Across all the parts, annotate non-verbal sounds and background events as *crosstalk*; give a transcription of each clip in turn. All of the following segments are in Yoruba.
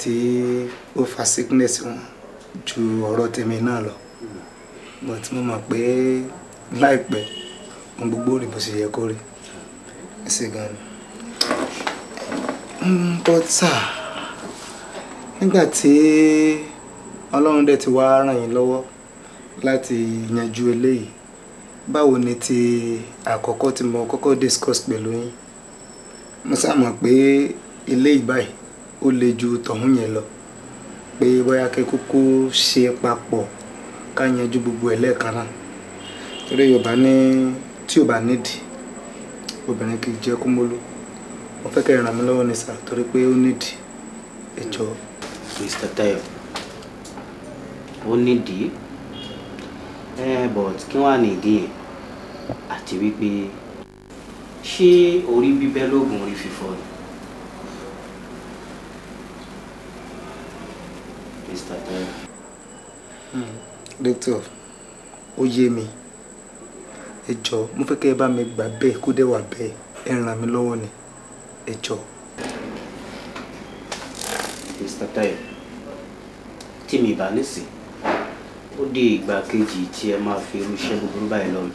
tí ó fa sickness wọn ju ọ̀rọ̀ tèmi náà lọ but mo mọ̀ pé láìpẹ́ ohun gbogbo rí bó ṣe yẹ kó rí ẹsẹ̀ gan ni. Mm, but sir nígbà tí ọlọ́run dẹ̀ ti wá ràn yín lọ́wọ́ láti yanjú eléyìí báwo ni ti àkọ́kọ́ tí mo kọ́kọ́ discuss pẹ̀lú yín mo sá mọ̀ pé eléyìí báyìí ó le ju tọ̀hún yẹn lọ pé bóyá kẹ́ kókó ṣe papọ̀ ká yanjú gbogbo ẹ̀ lẹ́ẹ̀kan náà torí yorùbá ní tí ò bá nídìí obìnrin kì í jẹ́ kúmólú mo fẹ́ kẹ́ ràn lọ́wọ́ ní sà torí pé ó nídìí ẹ Mr. Tayo ó nídìí ẹ but kí wàá nídìí yẹn àti wípé ṣé orí bíbẹ́ lóògùn orí fífọ́ ni. Mr. Toyin. Hmm. Doctor, ó yé mi. Ẹ jọ̀ọ́, mo fẹ́ kẹ́ ẹ bá mi gbà bẹ́ẹ̀ kó dẹ̀ wà bẹ́ẹ̀. Ẹ ràn mí lọ́wọ́ ni. Ẹ Mr. Toyin, tí mi bá nísìn, ó di ìgbà kejì tí ẹ máa fi irú iṣẹ́ búburú báyìí lọ́nu.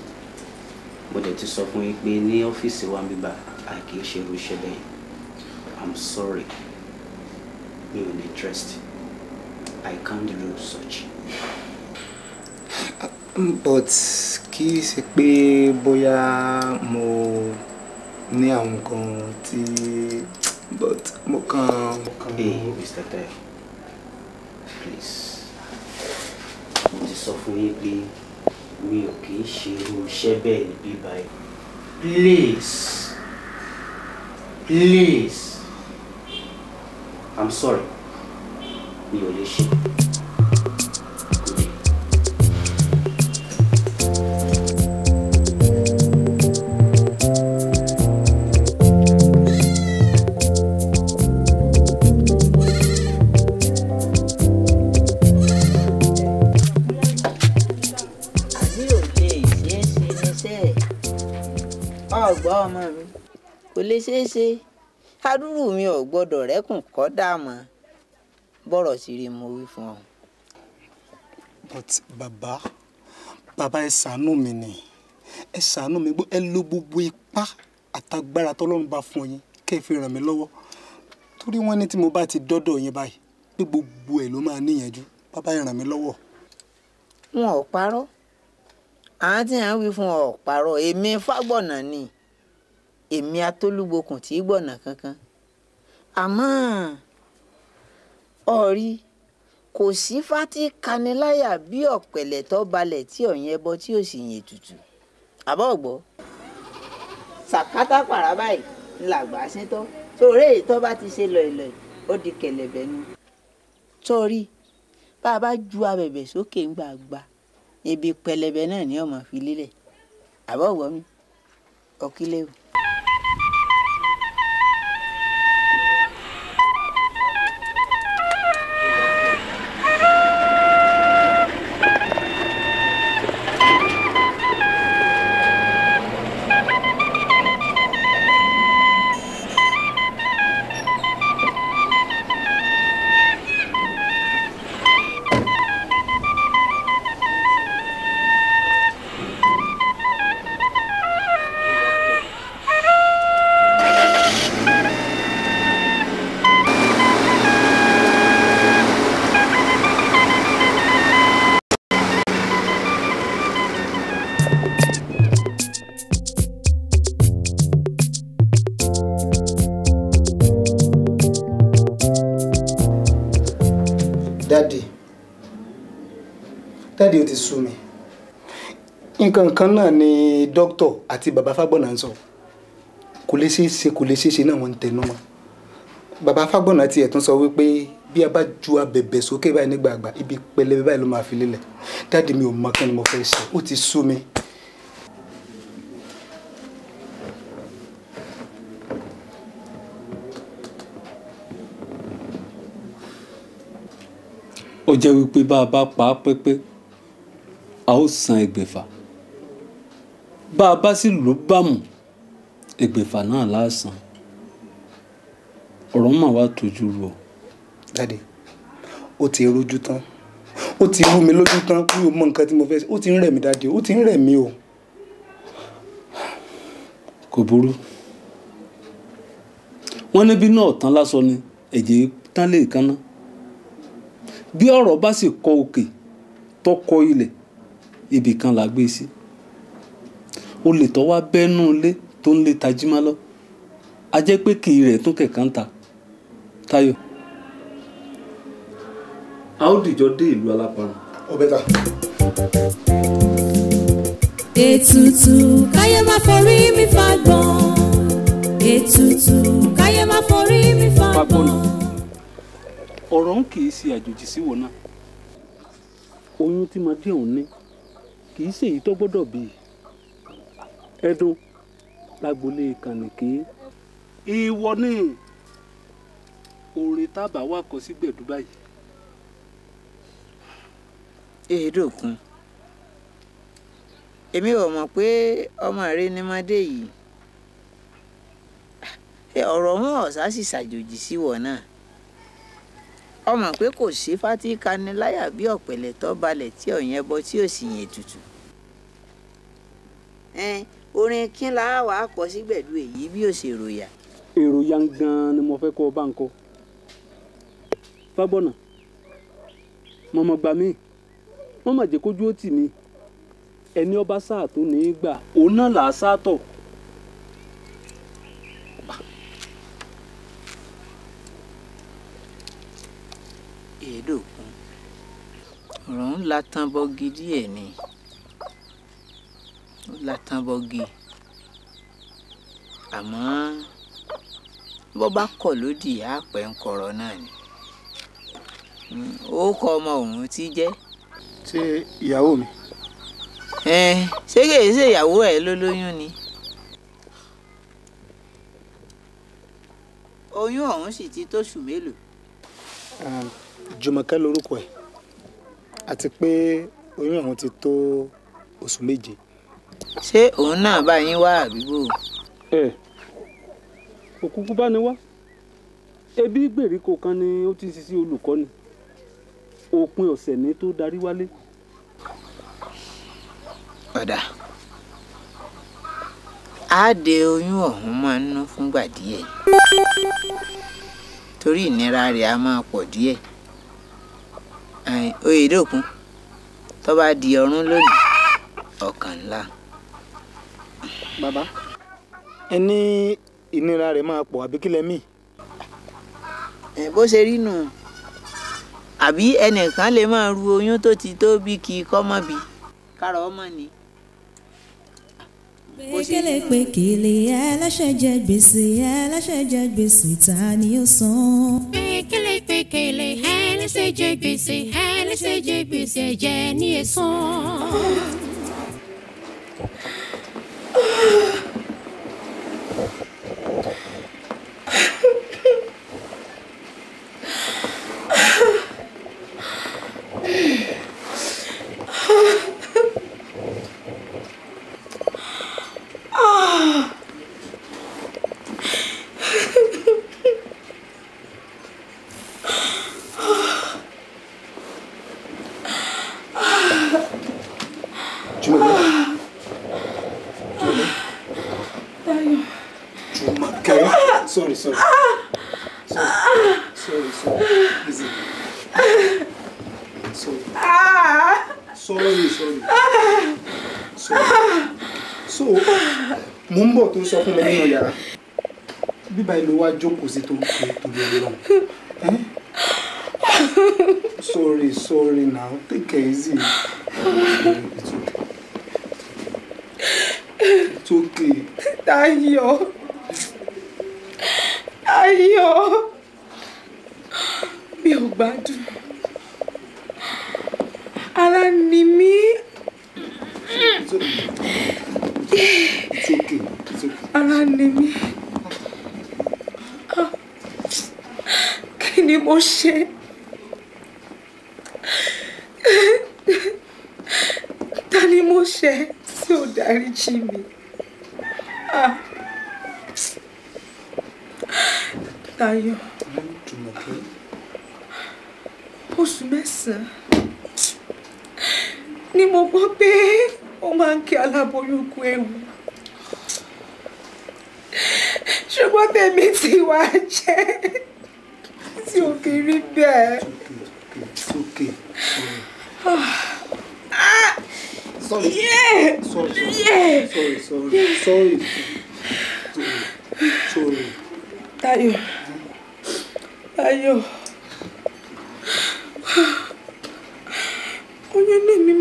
Mo dẹ̀ ti sọ fún yín pé ní ọ́fíìsì wa ń bíbá, àì kìí ṣe irú iṣẹ́ I'm sorry. You will trust. I can't do such. Uh, um, but kì í ṣe pé mo ní àwọn nǹkan tí but mo kàn. Hey, Mr. Tayo, please. Mo ti sọ fún yín pé mi ò kì í ṣe irú iṣẹ́ bẹ́ẹ̀ níbí báyìí. Please, please, I'm sorry mi ò lè ṣe. ọgbọ́n ọmọ mi kò lè ṣeé ṣe arúgbó mi ò gbọ́dọ̀ rẹ́kùn kọ́ dà mọ́ bọ́rọ̀ sí rí mo wí fún ọ. but baba, baba ẹ ṣàánú mi ni ẹ ṣàánú mi ẹ lo gbogbo ipá àtagbára tọ́lọ́run bá fún yín kẹ́ ẹ fi ràn mí lọ́wọ́ torí wọ́n ní tí mo bá ti dọ́dọ̀ yín báyìí pé gbogbo ẹ̀ ló máa níyànjú bàbá ẹ ràn mí lọ́wọ́. wọn ò parọ́ àwọn tí wí fún ọ parọ́ èmi fágbọ̀nà ni èmi atólúgbokùn tí gbọ̀nà kankan àmọ́. Ama ọ̀rí kò sí fá tí kaniláyà bí ọ̀pẹ̀lẹ̀ tó balẹ̀ tí ọ̀yìn ẹbọ tí ò sì yìn ètùtù àbọ̀ ọ̀gbọ́. sàkátà pàrà báyìí làgbà síntọ́ torí èyí tó bá ti ṣe lọ̀ìlọ̀ì ó di kẹ̀lẹ̀bẹ̀ ni. torí bá a bá ju abẹ̀bẹ̀ sókè ń gbàgbà ebi pẹlẹbẹ náà ni ọmọ fi lélẹ̀ àbọ̀ ọ̀gbọ́ mi ọ̀kílẹ̀ o. dáàdi ó ti sú mi nǹkan kan náà ni dókítà àti bàbá Fágbọ̀nà ń sọ kò lè ṣeé ṣe kò lè ṣeé ṣe náà wọ́n ń tẹnu mọ́ bàbá Fágbọ̀nà tiẹ̀ tún sọ wípé bí a bá ju abẹ̀bẹ̀ sókè báyìí nígbà àgbà ibi pẹlẹbẹ báyìí ló máa fi lélẹ̀ dáàdi mi ò mọ kí ni mo fẹ́ ṣe ó ti sú mi. ó jẹ́ wípé bá a bá pa á pẹ́pẹ́ a ó san ẹgbẹ̀fà bá a bá sì lò bámù ẹgbẹ̀fà náà láàsán ọ̀rọ̀ mà wá tójú rú ọ. dáde ó ti rojú tán ó ti rú mi lójú tán pé o mọ nǹkan tí mo fẹ́ ṣe ó ti ń rẹ̀ mí dáde ó ti ń rẹ̀ mí o. kò burú wọ́n níbi náà tán lásán ni ẹ̀jẹ̀ tán lè kánná bí ọ̀rọ̀ bá sì kọ òkè tó ilẹ̀ ibì kan là gbé sí olè tó wá bẹ́nu ilé tó ń lé a pé kì í rẹ̀ tún kẹ̀kẹ́ ń ta Táyọ̀ a ó dìjọ dé ìlú alápàrọ̀. ó ta. ètùtù káyé forí mi fagbọ́n ètùtù káyé má forí mi fagbọ́n. ọ̀rọ̀ ń kì í ṣe àjòjì sí náà oyún tí kì í ṣe èyí tó gbọ́dọ̀ bí ẹdun lágbolé kànìké ìwọ ní orin tábà wà kọ sí gbẹ̀dú báyìí. èédòkun èmi ò mọ̀ pé ọmọ rẹ ni mọ́dé yìí ọ̀rọ̀ mú ọ̀sá sì ṣàjòjì sí wọ̀ náà ọmọ pé kò sí fátí kaniláyà bí ọ̀pẹ̀lẹ̀ tó balẹ̀ tí ọ̀yẹn bọ tí ò sì yẹn tutù. orin kí la wàá pọ̀ sí gbẹ̀du èyí bí ó ṣe ròyà. èrò ya gan-an ni mo fẹ́ kọ́ ọba nǹkan fábọ́nà mọ̀mọ́ gbà mí kójú ó tì mí ẹni ọba sáà tó ní í gbà òun náà là á sáà tọ̀. latan bọ́gi díẹ̀ ni ó latan bọ́gi àmọ́ bó bá kọ̀ lódì á pẹ́ ń kọ̀rọ̀ náà ni ó kọ ọmọ òun tí jẹ́. ṣé ìyàwó mi. ṣé kìí ṣe ìyàwó ẹ ló lóyún ni. oyún ọ̀hún sì ti tóṣù mélòó. Jùmọ̀kẹ́ lorúkọ ẹ̀ àti pé oyún ọ̀hún ti tó oṣù méje. ṣé òun náà bá yín wá àbíbò. ẹ òkúkú bá ní wá ẹbí gbèríko kan ni ó ti ń sisi olùkọ́ni òpin ọ̀sẹ̀ ni tó darí wálé. ọ̀dà á de oyún ọ̀hún máa ń ná fúngbà díẹ̀ torí ìnira rẹ̀ á máa pọ̀ díẹ̀. oyèdòkun tó bá di ọ̀run lónìí ọkàn ńlá. bàbá ẹ ní ìnira rẹ̀ máa pọ̀ àbí kílẹ̀ mí. bó ṣe rí nù àbí ẹnìkan lè máa ru oyún tó ti tó bí kí mọ́ bí kárọ̀ ọmọ ni. pékélé pékélé ẹlẹ́ṣẹ̀ jẹ gbèsè ẹlẹ́ṣẹ̀ jẹ gbèsè ta ni ó san. pékélé pékélé ẹlẹ́ṣẹ̀ jẹ gbèsè ẹlẹ́ṣẹ̀ jẹ gbèsè ẹ̀jẹ̀ ni ẹ san. Oh. *laughs* de sí tó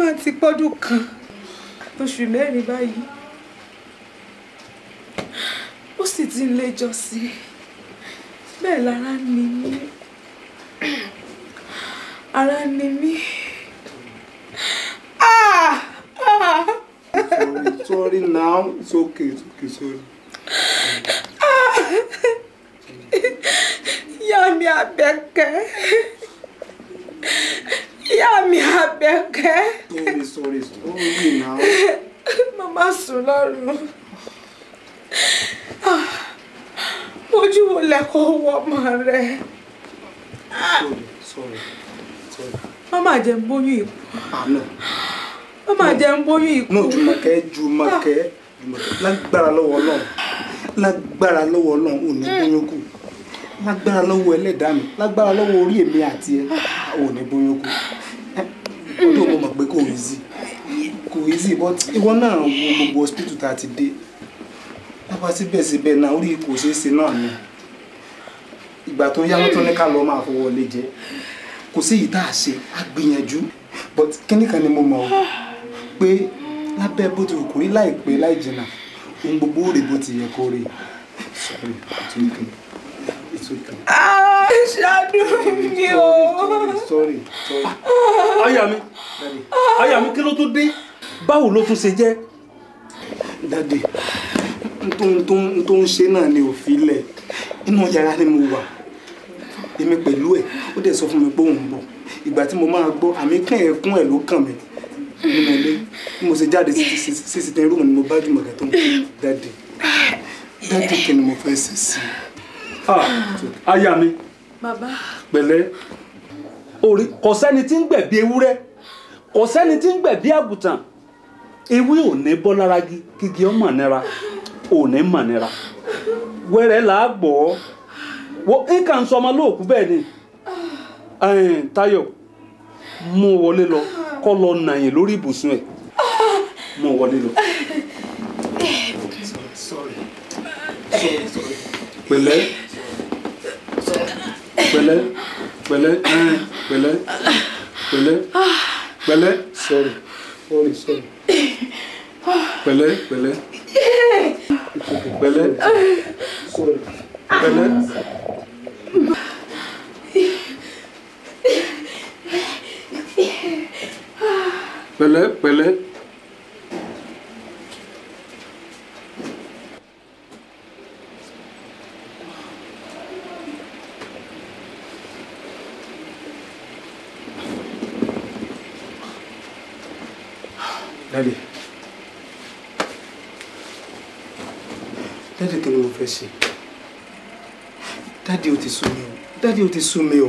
máa ti pọ́dún kan àtòṣù mẹ́rin báyìí ó sì ti ń léjọ sí i bẹ́ẹ̀ lára ni mí ara ni mí. sorry, ah! ah! sorry now it's okay it's okay sorry. Ah! ìyá mi Àbẹ̀kẹ́ ìyá mi Àbẹ̀kẹ́. sórí sórí sórí náà. màmá sùn lọ́rùn *sighs* ojú wo lẹ́kọ̀ọ́ wọ ọmọ rẹ. mama jẹ́ ń bóyún ikú. Ah, mama jẹ́ ń bóyún ikú. náà Jùmọ̀kẹ́ Jùmọ̀kẹ́ Jùmọ̀kẹ́ lágbára lọ́wọ́ náà lágbára lọ́wọ́ náà ò ní bóyún kù lágbára lọ́wọ́ ẹlẹ́dàá mi lágbára lọ́wọ́ orí èmi àti ẹ ò ní bóyún kù tó o mọ̀ pé kò easy kò easy but ìwọ náà wo gbogbo hospital tá a ti dé lápá síbẹ̀síbẹ̀ náà orí kò ṣeé ṣe náà ni ìgbà tó yá wọn tó ní ká lọ máa fọwọ́ lé jẹ kò sí èyí tá a ṣe a gbìyànjú but kíní kan ni mo mọ̀ pé lábẹ́ bó ti kò rí láìpẹ́ láì jìnnà ohun gbogbo ó rè bó ti yẹ kó rè sorry it's okay it's okay. Ah! ṣàánú mi o. sorry sorry. aya mi aya mi kí ló tún dé báwo ló tún ṣe jẹ́. dadi n tó ń ṣe náà ni òfin lẹ inú yàrá ni mo wà èmi pẹ̀lú ẹ̀ ó dẹ̀ sọ fún mi pé òun bọ̀ ìgbà tí mo máa gbọ́ àmì kàn ẹ̀ kún ẹ̀ ló kàn mí ní mo lé bí mo ṣe jáde sí sitin rúùmù ni mo bá jùmọ̀ kẹ́tọ́ dade dáàdì kí ni mo fẹ́ ṣe sí i. Ah, aya mi pele pẹ̀lẹ́ orí kò sẹ́ni tí ń gbẹ̀bí ewúrẹ́ kò sẹ́ni tí ń gbẹ̀bí àgùntàn ewé ò ní bọ́ lára gígí ọmọ nira ò ní ni wọlé lọ kó lọ nàyìn lórí ibùsùn ẹ̀ wọlé lọ. pẹ̀lẹ́ pẹ̀lẹ́ pẹ̀lẹ́ pẹ̀lẹ́ sorry sorry sorry pẹ̀lẹ́ pẹ̀lẹ́ pẹ̀lẹ́ sorry pẹ̀lẹ́. pẹ̀lẹ́ pẹ̀lẹ́. dáàdì dáàdì kí ni mo fẹ́ ṣe dáàdì ó ti sú mi o dáàdì ó ti sú mi o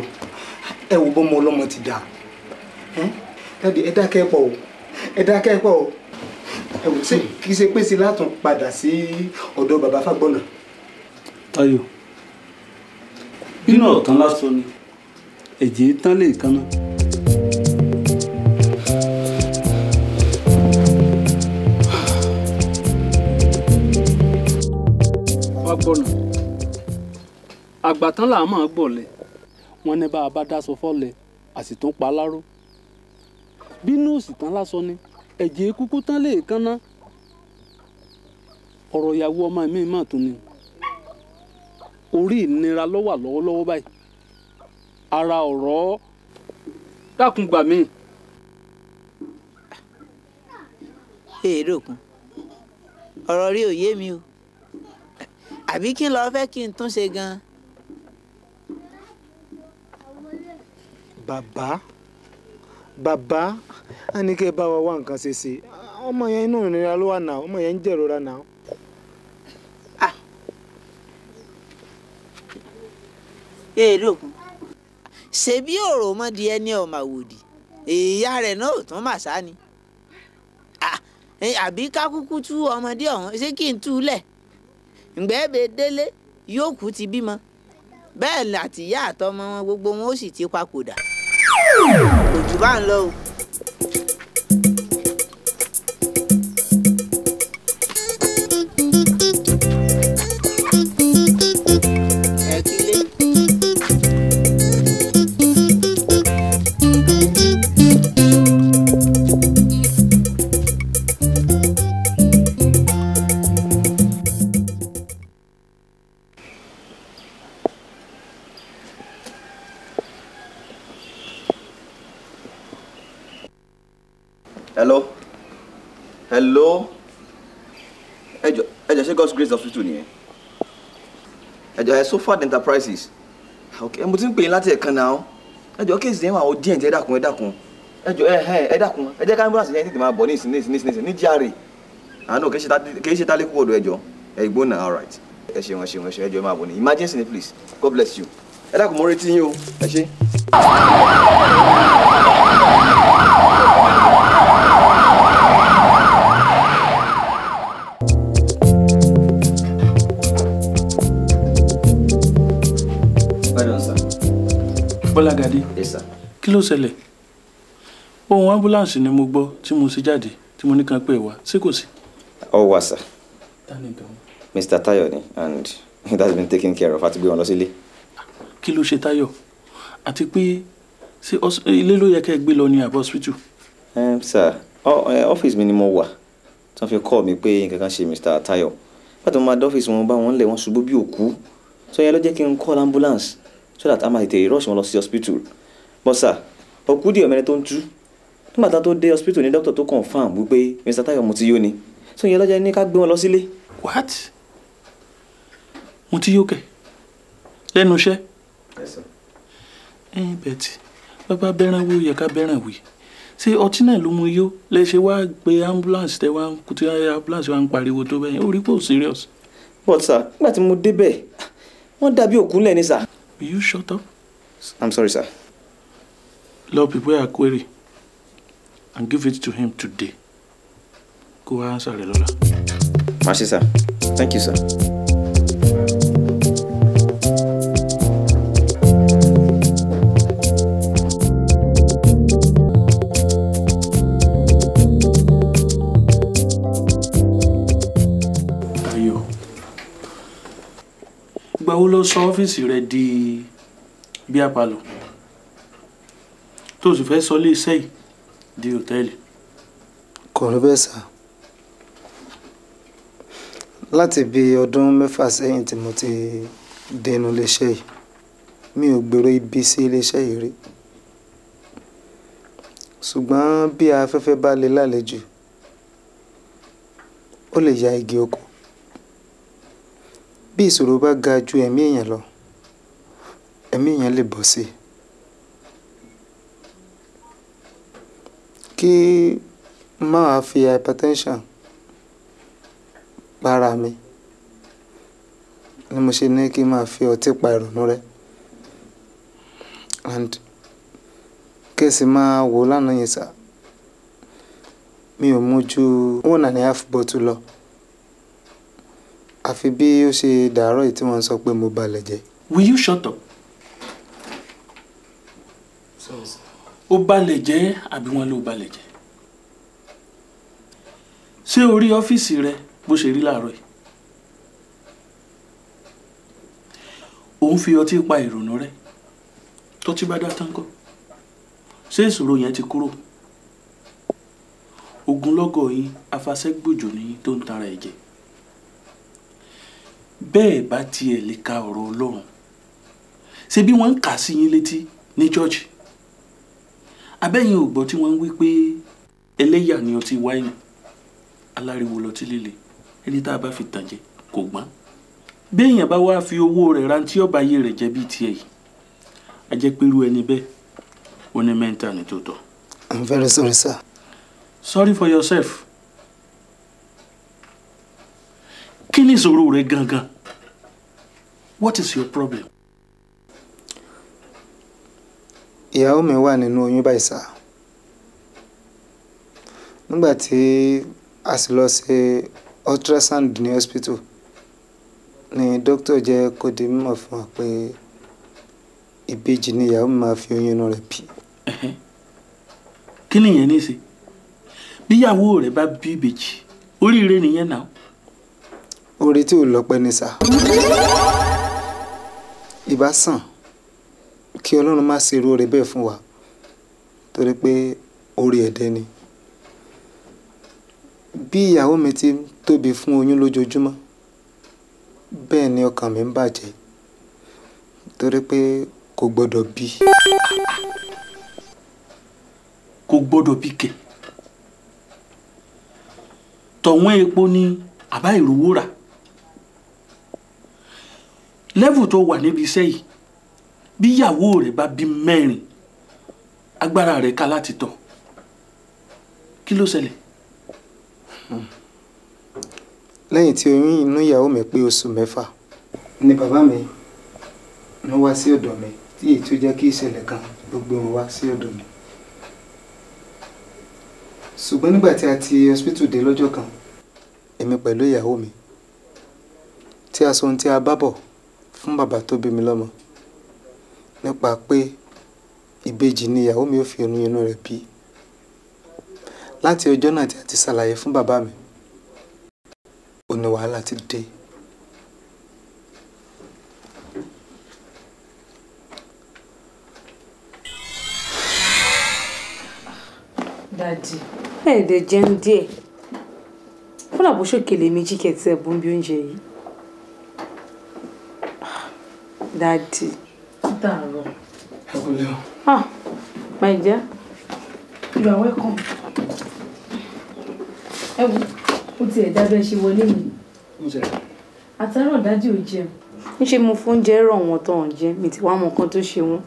ẹ wo bọ́mọ ọlọ́mọ ti dà dáàdì ẹ dákẹ́ pọ̀ o ẹ dákẹ́ pọ̀ o ẹ wò ṣe kì í ṣe pé sí látún padà sí ọ̀dọ̀ bàbá Fágbọ́nà. Táyọ̀ iná ọ̀tán lásán ni ẹ̀jẹ̀ tán lè kaná. ọgbọ́nà àgbàtán là wọn ní bá a bá dáṣọ fọ́lẹ̀ àsìtún pa bínú òsì tán lásán ni ẹ̀jẹ̀ kúkú lè kánná ọ̀rọ̀ ìyàwó ọmọ mi mà tún ni orí ìnira ló wà lọ́wọ́lọ́wọ́ báyìí ara ọ̀rọ̀ èrò kan ọ̀rọ̀ rí òye mi o. àbí kí n lọ fẹ́ kí n tún ṣe gan. bàbá bàbá á ní bá wa wá nǹkan ṣe ọmọ yẹn inú ìrora ló wà náà ọmọ yẹn ń jẹ̀rora náà. èrè ah! òkun ṣebí òrò mọ́di ẹni ọ̀mà ìyá rẹ̀ náà ò tún ni ah! àbí kákúkú tú ọmọdé ọ̀hún ṣé kí ǹgbẹ́ẹ̀bẹ̀ délé yóò kú ti bímọ bẹ́ẹ̀ làtìyá àtọmọ wọn gbogbo wọn ó sì ti papòdà kò bá ń lọ o. hello ẹjọ ẹjọ ṣé God's Grace hospital nìyẹn ẹjọ ẹ Sofad Enterprises Okay, ah, I'm ok ẹ mo ti ń pè yín láti ẹ̀kan náà ẹjọ kéèsì yẹn wà ó díẹ̀ ǹjẹ́ ẹ dákun ẹ dákun ẹjọ ẹ ẹ ẹ dákun ẹ jẹ́ ká ambulance sin, tètè sin, bọ̀ sin, ìsìn ní ìsìn ní ìsìn ní GRA àánú kì í ṣe tálẹ́kù ọ̀dọ̀ ẹjọ ẹ ìgbóná all right ẹ ṣeun ẹ ṣeun ẹ ṣeun ẹjọ ẹ máa bọ̀ ní sin, ni please God bless you ẹ dákun mo retí yín o ẹ ṣe. Bọ́lágadé. Yes sir. kí ló ṣẹlẹ̀ ohun ambulance ni mo gbọ́ tí mo ṣe jáde tí mo ní kan pé wá ṣé kò sí. ọ wà sà Mr. Tayo ni and it *laughs* has been taken care of àti gbé wọn lọ sílé. kí ló ṣe Tayo àti pé ṣé ilé ló yẹ kẹ́ ẹ gbé lọ ní àbọ̀ hospital. Um, sir ọ́fíìsì eh, mi ni mo wà tí wọ́n fi kọ́ mi pé nǹkan kan ṣe Mr. Tayo pàtó mo máa dọ́fíìsì wọn bá wọn lẹ̀ wọ́n ṣubú bí òkú sọ yẹn ló jẹ́ kí n call ambulance so that a máa tètè rush wọn lọ sí hospital but sir òkú díẹ̀ mẹ́rin tó ń tú nígbà tá tó dé hospital ní doctor tó confam wípé Mr. Tayo mo ti yó ni so ìyẹn lọ́jọ́ ní ká gbé wọn lọ sílé. what mo ti yó kẹ lẹ́nu iṣẹ́ ẹyin bẹẹtì bàbá bẹran wo yẹ ká bẹran wì ṣé ọtí náà ló mu yó lẹ ṣe wá gbé ambulance tẹ wá kùtù ambulance wá ń pariwo tó bẹyẹn ó rí pé serious. but sir nígbà tí mo débẹ̀ wọ́n dàbí òkú lẹ́ni sir. Will you shut up? I'm sorry, sir. Lord, prepare a query and give it to him today. Go answer Lola. Mashi, sir. Thank you, sir. wo ló sọ ọ́fíìsì rẹ di bíà palọ̀ tó o sì fẹ́ sọ ilé iṣẹ́ yìí di hòtẹ́ẹ̀lì. kò rí bẹ́ẹ̀ sà láti bí ọdún mẹ́fà sẹ́yìn tí mo ti dẹnu iléeṣẹ́ yìí mi ò gbèrò ibi sí iléeṣẹ́ yìí rí ṣùgbọ́n bí afẹ́fẹ́ bá le lálejò ó lè ya igi oko bí ìṣòro bá ga ju ẹ̀mí èèyàn lọ ẹ̀mí èèyàn lè bọ́ sí i. kí máa fi hypertension para mi ni mo ṣe ní kí máa fi ọtí pa ìrònú rẹ and kí n sì máa wò lánàá yẹn sá mi ò mu ju one and a half bottle lọ àfi bí ó ṣe dàárọ̀ yìí tí wọ́n sọ pé mo balẹ̀ jẹ́. will you shut up? ó balẹ̀ jẹ́ àbí wọ́n ló balẹ̀ jẹ́ ṣé o rí ọ́fíìsì rẹ bó ṣe rí láàárọ̀ yìí òun fi ọtí pa ìrònú rẹ tó ti bá dá táńkọ ṣé ìṣòro yẹn ti kúrò ogunlọ́gọ̀ yín afasẹ́gbòjò nìyí tó ń tara ẹ̀jẹ̀ bẹ́ẹ̀ bá tiẹ̀ lè ka ọ̀rọ̀ ọlọ́run ṣe bí wọ́n ń kà sí yín létí ní chọ́ọ̀chì abẹ́yìn ò gbọ́ tí wọ́n ń wí pé ẹlẹ́yà ni ọtí wáìnì aláriwo lọtí líle ẹni tá a bá fi tàn jẹ kò gbọ́n béèyàn bá wáá fi owó rẹ̀ rántí ọba ayé rẹ̀ jẹ́ bíi tiẹ̀ yìí a ẹni bẹ́ẹ̀ ó ní mẹ́ńtà ní tó I'm very sorry sir. Sorry for yourself. kí ni ìṣòro rẹ gangan? What is your problem? Ìyàwó mi wà nínú oyún báyìí sá. Nígbà tí a sì lọ ṣe ultrasound ní hospital ni dókítà jẹ́ kó di mímọ̀ fún wa pé ìbejì ni ìyàwó mi máa fi oyún inú rẹ̀ bí. Kí nìyẹn ní í ṣe? Bíyàwó rẹ̀ bá bí ìbejì, oríire nìyẹn náà. Oore tí ò lọ́pẹ́ ni sá ìbá sàn kí ọlọ́run má ṣe irú rẹ̀ bẹ́ẹ̀ fún wa torí pé orí ẹ̀dẹ̀ ni bí ìyàwó mi ti tóbi fún oyún lójoojúmọ́ bẹ́ẹ̀ ni ọkàn mi ń bàjẹ́ torí pé kò gbọ́dọ̀ bí. kò gbọ́dọ̀ bí kẹ̀ tọ̀wọ́n epo ni àbá ìrówó rà lẹ́vù tó wà níbi iṣẹ́ yìí bí ìyàwó rẹ̀ bá bí mẹ́rin agbára rẹ̀ ká láti tọ̀ kí ló ṣẹlẹ̀. lẹ́yìn tí oyún inú ìyàwó mi pé oṣù mẹ́fà ni bàbá mi ló wá sí ọ̀dọ̀ mi tí èyí tó jẹ́ kí ìṣẹ̀lẹ̀ kan gbogbo wọn wá sí ọ̀dọ̀ mi ṣùgbọ́n nígbà tí a ti hospital dé lọ́jọ́ kan èmi pẹ̀lú ìyàwó mi tí a sọ ohun tí a bá bọ̀ fún bàbá tó bí mi lọ́mọ nípa pé ìbejì ni ìyàwó mi ò fi oyún inú rẹ̀ bí láti ọjọ́ náà tí a ti ṣàlàyé fún bàbá mi ò wàhálà ti dé. ẹ̀ẹ́dẹ̀ jẹun díẹ̀ fúnàbọ̀ṣọ́kẹ̀lẹ̀ méjì kẹ̀tì ẹ̀bùn bí oúnjẹ yìí. dadi. dàrọ. ọgùnlé o. ah my dear. you are welcome. ẹ wo ó tiẹ̀ dábẹ́ ṣe wọlé mi. àtàrà dájú ò jẹun. níṣẹ́ mo fóúnjẹ rọ̀ wọ́n tó hàn jẹ́ mi ti wá mọ nǹkan tó ṣe wọ́n.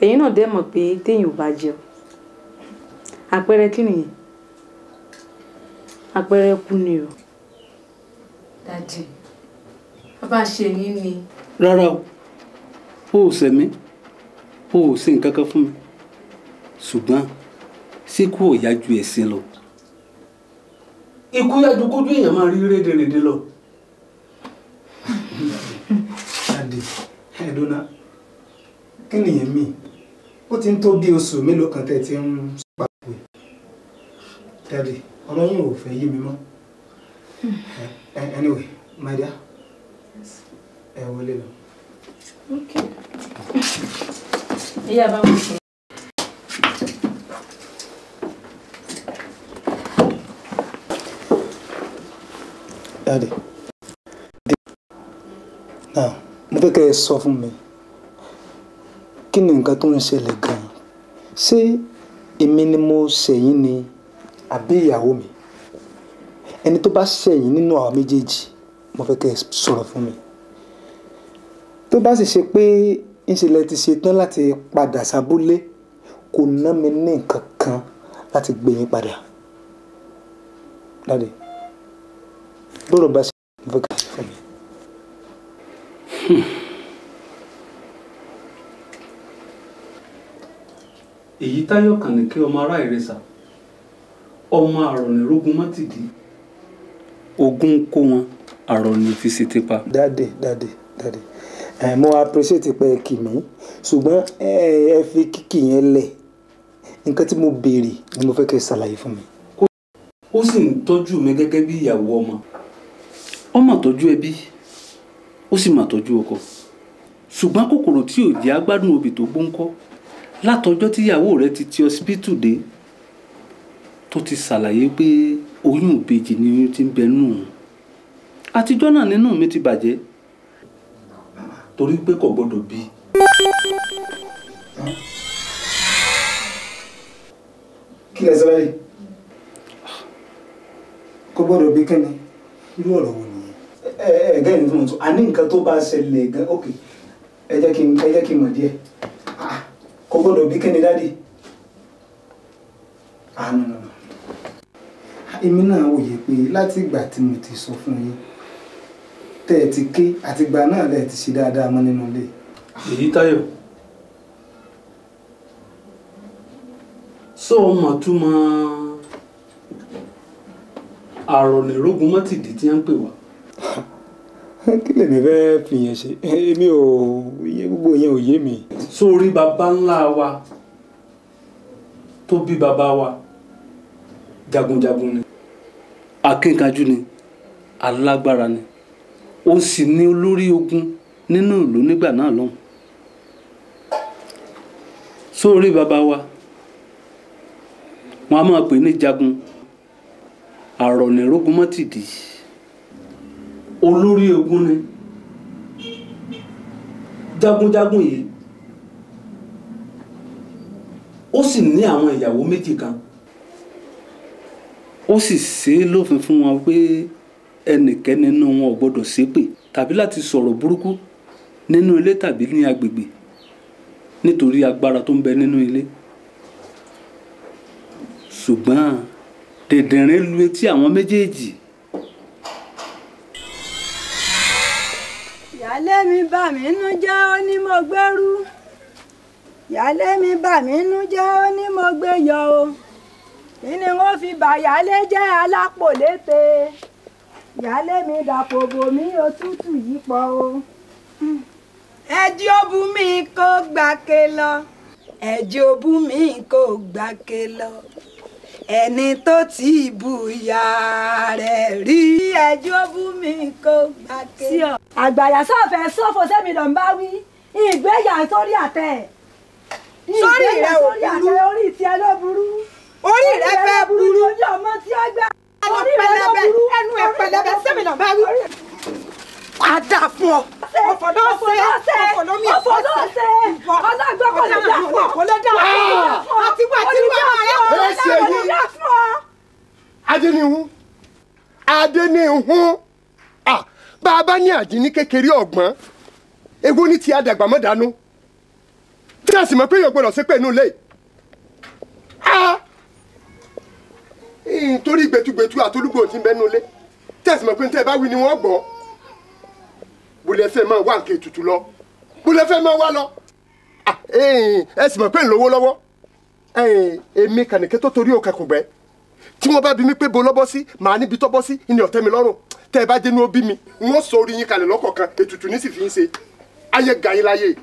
ẹ̀yin náà dẹ́ mọ̀ pé téèyàn ò o jẹun àpẹẹrẹ kí nìyẹn àpẹẹrẹ kú ni o. dadi bàbá ṣèyí ni. rárá o o ò ṣẹ̀mí o ò ṣe nǹkan kan fún mi ṣùgbọ́n síkú ò yá ju ẹ̀sìn lọ. ikú yájú kójú èèyàn máa rí rédèrèdè lọ. adé ẹ̀ẹ́dọ́nà kí nìyẹn mi ó ti ń tó bí oṣù mélòó kan tẹ̀ ti ń pàpò dáàdì ọ̀rọ̀ yìí ò fẹ́ yé mi mọ́ anyway my dear ẹ wọlé lọ. ìyá bá mi sọ. dáàdì náà mo fẹ́ kẹ́ ẹ sọ fún mi kí ni nǹkan tó ń ṣẹlẹ̀ gan-an ṣé èmi ni mo ṣẹ̀yìn ni àbí ìyàwó mi ẹni tó bá ṣẹ̀yìn nínú àwọn méjèèjì mo fẹ́ kẹ́ ẹ sọ̀rọ̀ fún mi tó bá sì ṣe pé ìṣẹ̀lẹ̀ ti ṣetán láti padà sábúlé kò ná mi ní nǹkan kan láti gbé yín padà. dáde lọ́rọ̀ bá ṣe mo fẹ́ kà sí fún mi. èyí táyọ̀ kàn ní kí ọmọ ará ìrẹsà ọmọ àrọ̀nìrógun má ti dì í kó wọn àrọ̀nì fi ṣe tipa. dáde dáde dáde. ẹ mo appreciate pé ẹ kì mí ṣùgbọ́n ẹ fi kíkì yẹn lẹ̀ nǹkan tí mo béèrè ni mo fẹ́ kẹ́ ṣàlàyé fún mi. ó sì ń tọ́jú mi gẹ́gẹ́ bí ìyàwó ọmọ ó mà tọ́jú ẹbí ó sì mà tọ́jú ọkọ ṣùgbọ́n kòkòrò tí ò jẹ́ agbádùn rẹ ti ti ọsibítù dé tó ti ṣàlàyé pé oyún ni ti ń àtijọ́ náà mi ti bàjẹ́ torí pé kò gbọdọ̀ bí. kí lẹ sọ láyé kò gbọdọ̀ bí kẹ́ni irú ọ̀rọ̀ wo nìyẹn. ẹ ẹ ẹ gẹ́gẹ́ ní tó ń nǹkan tó bá ṣẹlẹ̀ gan ok ẹ jẹ́ kí n ẹ jẹ́ kí n mọ̀ díẹ̀ ah, kò gbọdọ̀ bí kẹ́ni dáàdì. àánú nù. èmi náà wòye pé láti ìgbà tí mo ti sọ fún yín tẹ́ ẹ ti ké àtìgbà náà lẹ ti ṣe dáadáa mọ́ nínú ilé. èyí táyọ̀ sọ ọmọ túmọ̀ àrònìrógun mọ́tìdí tí wọ́n ń pè wá. *laughs* kí lèmi fẹ́ẹ́ fi yẹn ṣe èmi ò yé gbogbo yẹn ò yé mi. sórí baba ńlá wa tó bí baba wa jagunjagun ni akínkanjú ni alágbára ni òun sì ni olórí ogun nínú ìlú nígbà náà lọ́hùn sórí bàbá wa wọn a máa pè ní jagun àrọ̀nìrógunmọ́tìdì olórí ogun ni jagunjagun yìí ó sì ní àwọn ìyàwó méjì kan ó sì ṣe é lófin fún wọn pé. Pe ẹnikẹ́ni nínú wọn ò gbọ́dọ̀ ṣépè tàbí láti sọ̀rọ̀ burúkú nínú ilé tàbí ní agbègbè nítorí agbára tó ń bẹ nínú ilé ṣùgbọ́n dèdèrìn lu etí àwọn méjèèjì. ìyáálé mi bà mí nú jẹ́ ó ní mo gbẹ́rú ìyáálé mi bà mí nú jẹ́ ó ní mo gbé yọ o kí ni wọ́n fi bàyálé jẹ́ alápò létè ìyáálé mi dàpọ̀ bòmí òtútù yìí pọ̀ o. ẹjí òbú mi kò gbàké lọ ẹjí òbú mi kò gbàké lọ ẹni tó ti bu ìyá rẹ̀ rí ẹjí òbú mi kò gbàké lọ. àgbàyà sọ̀fẹ́ sọ́fọ sẹ́mi lọ́n bá wí ìgbéyà sórí àtẹ sórí rẹ ò burú orí tiẹ̀ ló burú orí rẹ fẹ́ burú ojú ọmọ tí ó gbà ẹnu pẹlẹbẹ ẹnu pẹlẹbẹ sẹmi náà bá wí. a dà fún ọ. ọ̀fọ̀dọ̀ ṣe ọ̀fọ̀dọ̀ mi ọ̀fọ̀dọ̀ ṣe ọlọ́gbọ́n kò lè dà fún ọ. kò lè dà fún ọ. àti wà tí wà á yẹ kò lè dà fún ọ. adéníhun adéníhun bá a bá ní àdín ní kékeré ọ̀gbọ́n ewu ní ti àdàgbà mọ́ dànù tí a sì mọ̀ pé èèyàn gbọ́dọ̀ sí pé inú ilé torí gbẹtugbẹtu àtolúgbò tí ń bẹ́nu lé tẹ̀sí mọ̀ pé tẹ́ ẹ bá wí ni wọ́n gbọ́ bólẹ̀ fẹ́ máa wá nǹkan ètùtù lọ bólẹ̀ fẹ́ máa wá lọ ẹ sì mọ̀ pé ń lówó lọ́wọ́ èmi kànìkẹ́ tó torí òkè kò gbẹ́ tí wọ́n bá bí mi pé bo lọ́bọ́ sí màá níbi tọ́bọ́ sí ni ọ̀tẹ́ mi lọ́rùn tẹ́ ẹ bá dénú ó bí mi wọ́n sọ orí yín kalẹ̀ lọ́kọ̀ọ̀kan ètùtù ní sì fi ń ṣe ayé gàyín láyé yìí.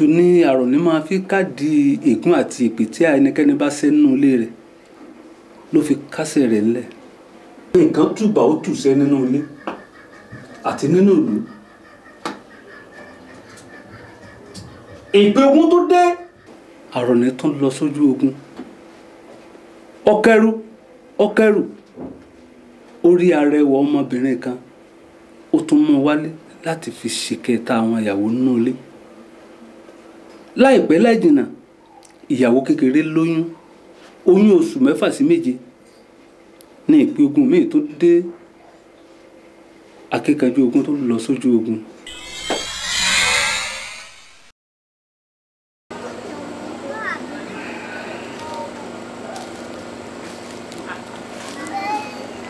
tútù ní àròní máa fi káàdì ègún àti èpè tí ẹnikẹ́ni bá ṣe nínú ilé rẹ̀ ló fi kásẹ̀ rẹ̀ ńlẹ̀. nǹkan túbà ó tù sẹ́ nínú ilé àti nínú ìlú. ìpè ogun tó dé. àròní tún lọ sójú ogun ọkẹrù ọkẹrù ó arẹwà ọmọbìnrin kan ó tún mú wálé láti fi ṣìkẹta àwọn ìyàwó nínú ilé. láìpẹ́ láì jìnnà ìyàwó kékeré lóyún oyún oṣù mẹ́fà sí méje ní ìpín ogun míì tó dé akíkanjú ogun tó lọ sójú ogun.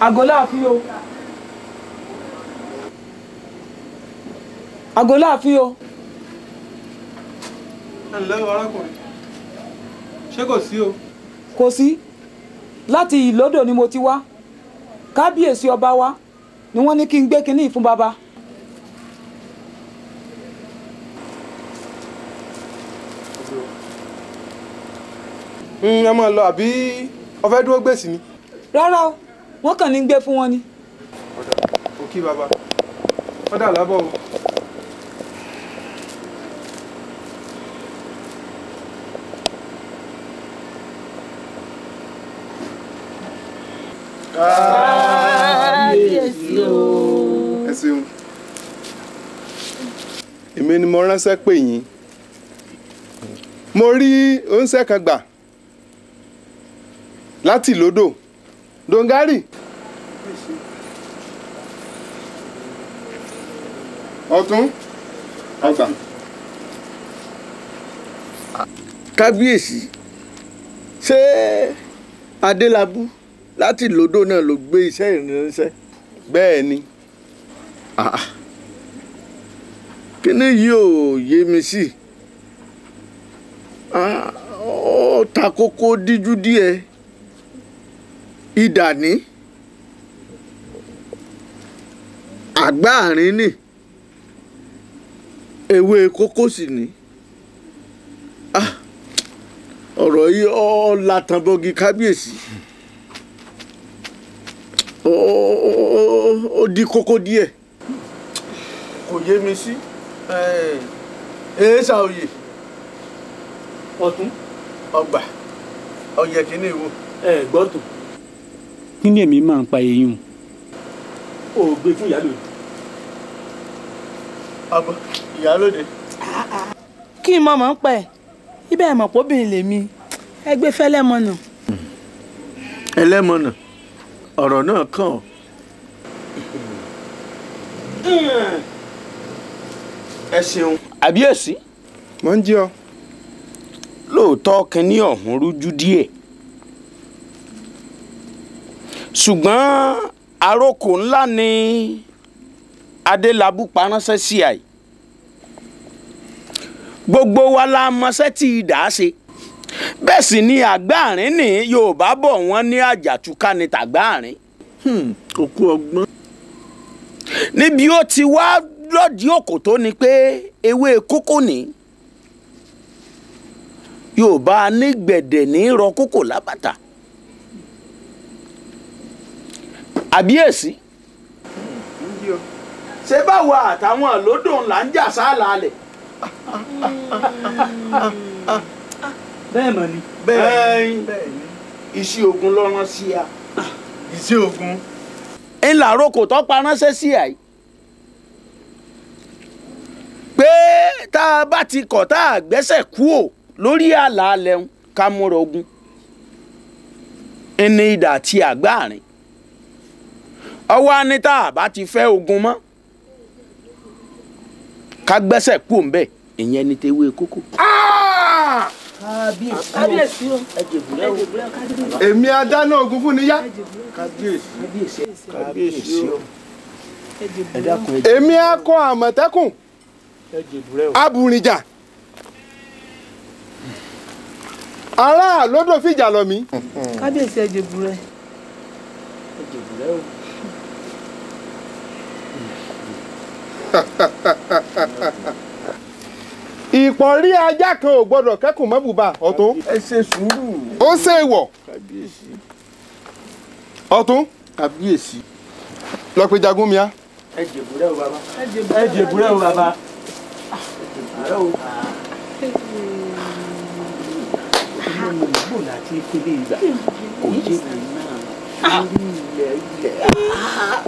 agola afiyo. agola afiyo. ẹ̀lẹ́ o arákùnrin ṣé kò sí o. kò sí láti ìlódò ni mo ti wá kábíyèsí ọba wa ni wọ́n ní kí n gbé kinní fún bàbá. Hmm, ẹ máa lọ àbí ọfẹ́ dúró gbèsè ni. rárá o wọ́n kàn ní gbé fún wọn ni. ọ̀dà òkì bàbá ọ̀dà làbọ̀ o. kábíyèsí o. ẹ ṣeun. èmi ni mo ránṣẹ́ pè yín mo rí oúnṣẹ́ kan gbà láti lódò dongari ọ̀tún ọgbà. kábíyèsí ṣé adélábù láti lòdò náà ló gbé iṣẹ́ ìrìnsẹ́. bẹ́ẹ̀ ni ah, ah. kíní yìí ò yé mi sí ah, ó ta kókó díjú díẹ̀ idà ní àgbáàrin ni ewé kókó sì ní ọ̀rọ̀ yìí ọ̀ làtàbọ̀gì kábíyèsí ó di kókó díẹ̀. kò yé mi sí eh, èèṣà òye ọ̀tún ọgbà ọ̀yẹ̀ kìíní ìwò. ẹ gbọ́dọ̀. kí ni èmi máa ń pa eyín o. o gbé fún ìyálòde. àbọ̀ ìyálòde. kí n mọ̀ mọ̀ ń pa ẹ̀ ibẹ̀ mọ̀ pọ́bìnrin lèmi ẹgbẹ́ fẹ́lẹ́mọ̀nà. ẹlẹ́mọ̀nà. Mm ọ̀rọ̀ náà kàn. ẹ ṣeun. àbíyèsí. mo ń jí ọ. lóòótọ́ kínní ọ̀hún rújú díẹ̀ ṣùgbọ́n àrokò ńlá ni adélábù paránṣẹ́ sí àì gbogbo wa la mọṣẹ́ tí idà ṣe bẹ́ẹ̀ sì ni àgbáàrín ní yorùbá bọ̀ wọ́n ní àjàtúká ní tàgbáàrín. Hmm, òkú ọgbọ́n. níbi ó ti wá lọ́dí òkò tó ni pé ewé kókó ni yorùbá nígbẹ̀dẹ̀ ní rọ kókò lábàtà àbíyèsí. ṣé báwo àtàwọn lódò ńlá ń jà sáà lálẹ́ bẹ́ẹ̀ mọ̀ ni. bẹ́ẹ̀ iṣẹ́ ogun ló rán sí a. Ah, iṣẹ́ ogun. ń làárọ̀ kò tọ́ pa ránṣẹ́ sí àyè. pé tá a bá ti kọ̀ tá a gbẹ́sẹ̀ kúò lórí àlà alẹ́hùn ká múra ogun. ẹni idà àti àgbáàrin. ọwọ́ á tá a bá ti fẹ́ ogun mọ́ ká gbẹ́sẹ̀ kúò ń bẹ̀ ìyẹn ni tewé kókó. Ah! kábíyèsí o èmi adáná ogun fún níyá kábíyèsí o èmi akọ àmọ̀tẹ́kùn abùrìjà ará lódò fìjà lọ mí. kábíyèsí ẹ̀jẹ̀bùrẹ́. ẹ̀jẹ̀bùrẹ́ o. ha ha ha ha ha ìpọ̀nrí ajá kan ò gbọ́dọ̀ kẹ́kùn mọ́ bùbá ọ̀tún. ẹ ṣe sùúrù. ó ṣe wọ̀. kábíyèsí. ọ̀tún. kábíyèsí. lọ pe jagun mi á. ẹ jèbúrẹ́ o bàbá. ẹ jèbúrẹ́ o bàbá. ẹ o. mo là ti kéré ìgbà kò jẹ́